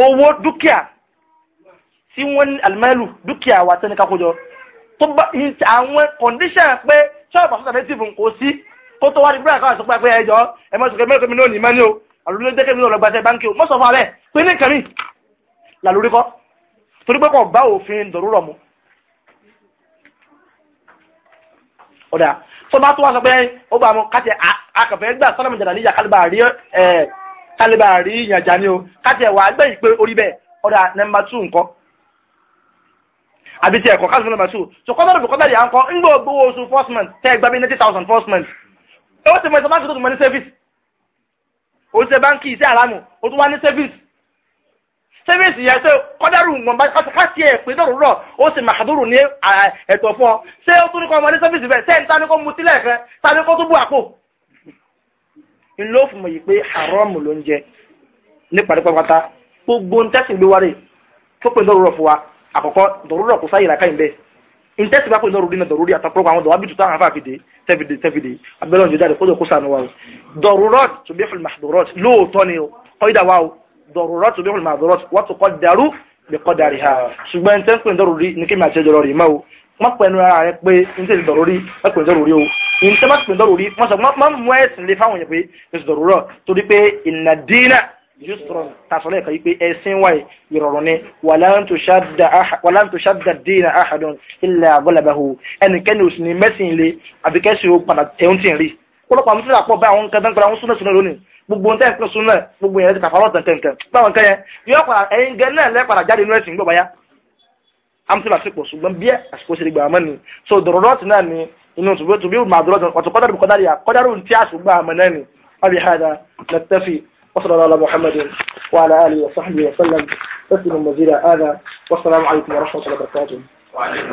Speaker 1: owó dúkìá tí wọ́n ní alimẹ́lù dúkìá wa tẹ́ni kakójọ tó bá àwọn kọ̀ndíṣàn pé ṣọ́ọ̀bù àfọ́sàfẹ́tìfù kò sí kó tó wá ní bíra káwà tó pẹ́ pé ẹjọ́ ẹmọ́sùn kẹ́mẹ́rin kẹ́mi náà ní mẹ́ni o àlùlé jẹ́kẹ́mi náà lọ́gbàṣẹ́ báńkì o mọ́sọ̀fọ́ rẹ̀ pé ní kẹ́mi làlórí kọ́ torí pé kò bá òfin dọ̀rúrọ̀ mu. ọ̀dà tó bá tó wá sọ pé ó bá mu káti akàfẹ́ gbà sọ́nàmù jàdà níyà kálíbà rí ẹ̀ kálíbà rí ìyànjà ni o káti ẹ̀ wà á gbẹ̀yìn pé orí bẹ́ẹ̀ ọ̀dà nọ́mbà tù nǹkan àbí tí ẹ̀kọ́ káàsì nọ́mbà tù so kọ́tọ́rọ̀ bí kọ́tọ́rọ̀ yà ń kọ́ ń gbọ́ gbowó oṣù first tẹ́ ẹ bí ninety thousand first month ó ti mọ ìsọ báńkì tó tún mọ ní service ó ti ṣe báńkì iṣẹ́ àlámù ó tún wá ní service sẹ́fẹ̀sì yẹn ṣe kọ́dárù wọn bá káṣí ẹ̀ pé dọ̀rọ̀ rọ̀ ó sì màdúrù ní ẹ̀tọ́ fún ọ ṣé ó tún ní kọ́ ọmọdé sẹ́fẹ̀sì bẹ́ẹ̀ sẹ́ni tani kó mutí lẹ́ẹ̀kan tani kó tún bú àpò. ńlọ fún mi yìí pé haramu ló ń jẹ ní pàdépàpàtà gbogbo ń tẹ́sí gbé wáré tó pé dọ̀rọ̀ rọ̀ fún wa àkọ́kọ́ dọ̀rọ̀ rọ̀ kò sáyè làkàyìn bẹ́ẹ̀ intẹ́sí bá pè lọ́rù dínà dọ̀rúrí àtàkùrọ̀kọ̀ àwọn dọ̀wábìtù tó àwọn àfáàfìdè tẹ́fìdè tẹ́fìdè abẹ́lọ́njọ́ jáde kó lè kó sànú wa o dọ̀rúrọ́t tó bí fìlì màdùrọ́t lóòótọ́ ni o kọ́ ìdá wa o dọ̀rọ̀rọ̀ tó bẹ́ẹ̀ màdọ̀rọ̀ wọ́n tó kọ́ darú lè kọ́ darí ha ṣùgbọ́n tẹ́ ń pè dọ̀rọ̀ rí ní kí mi àti ẹjọ́ rí máa o má pẹ̀lú ara rẹ pé ní tẹ̀sí dọ̀rọ̀ rí má pẹ̀lú dọ̀rọ̀ rí o ní tẹ́ má pẹ̀lú dọ̀rọ̀ rí wọ́n sọ má mú ẹ̀sìn lé fáwọn yẹn pé ní sọ dọ̀rọ̀ torí pé ìnà dínà yóò sọ̀rọ̀ tasọ̀rọ̀ ẹ̀ka yìí pé ẹ̀sìn wáyé ìrọ̀rùn ni wàlán gbogbo ń tẹ́sí súnà gbogbo yẹn ti kàfàrọ̀ tẹ̀ kẹ̀kẹ̀ báwọn kẹ́ yẹn yóò padà ẹ̀yin gẹ́ náà lẹ́ padà jáde inú ẹ̀sìn gbọ̀báyá amúsùn àsìkò ṣùgbọ́n bí àsìkò ṣe lè gbà mọ́ ni so dọ̀rọ̀dọ̀tì náà ni inú tùbí màdúrọ̀tì ọ̀tọ̀kọ́dàrú kọ́dàrú yà kọ́dàrú tí a ṣùgbọ́n àmọ́ náà ni abi hada nattafi ala الله على محمد وعلى آله وصحبه وسلم تسلم مزيد هذا والسلام عليكم ورحمة الله وبركاته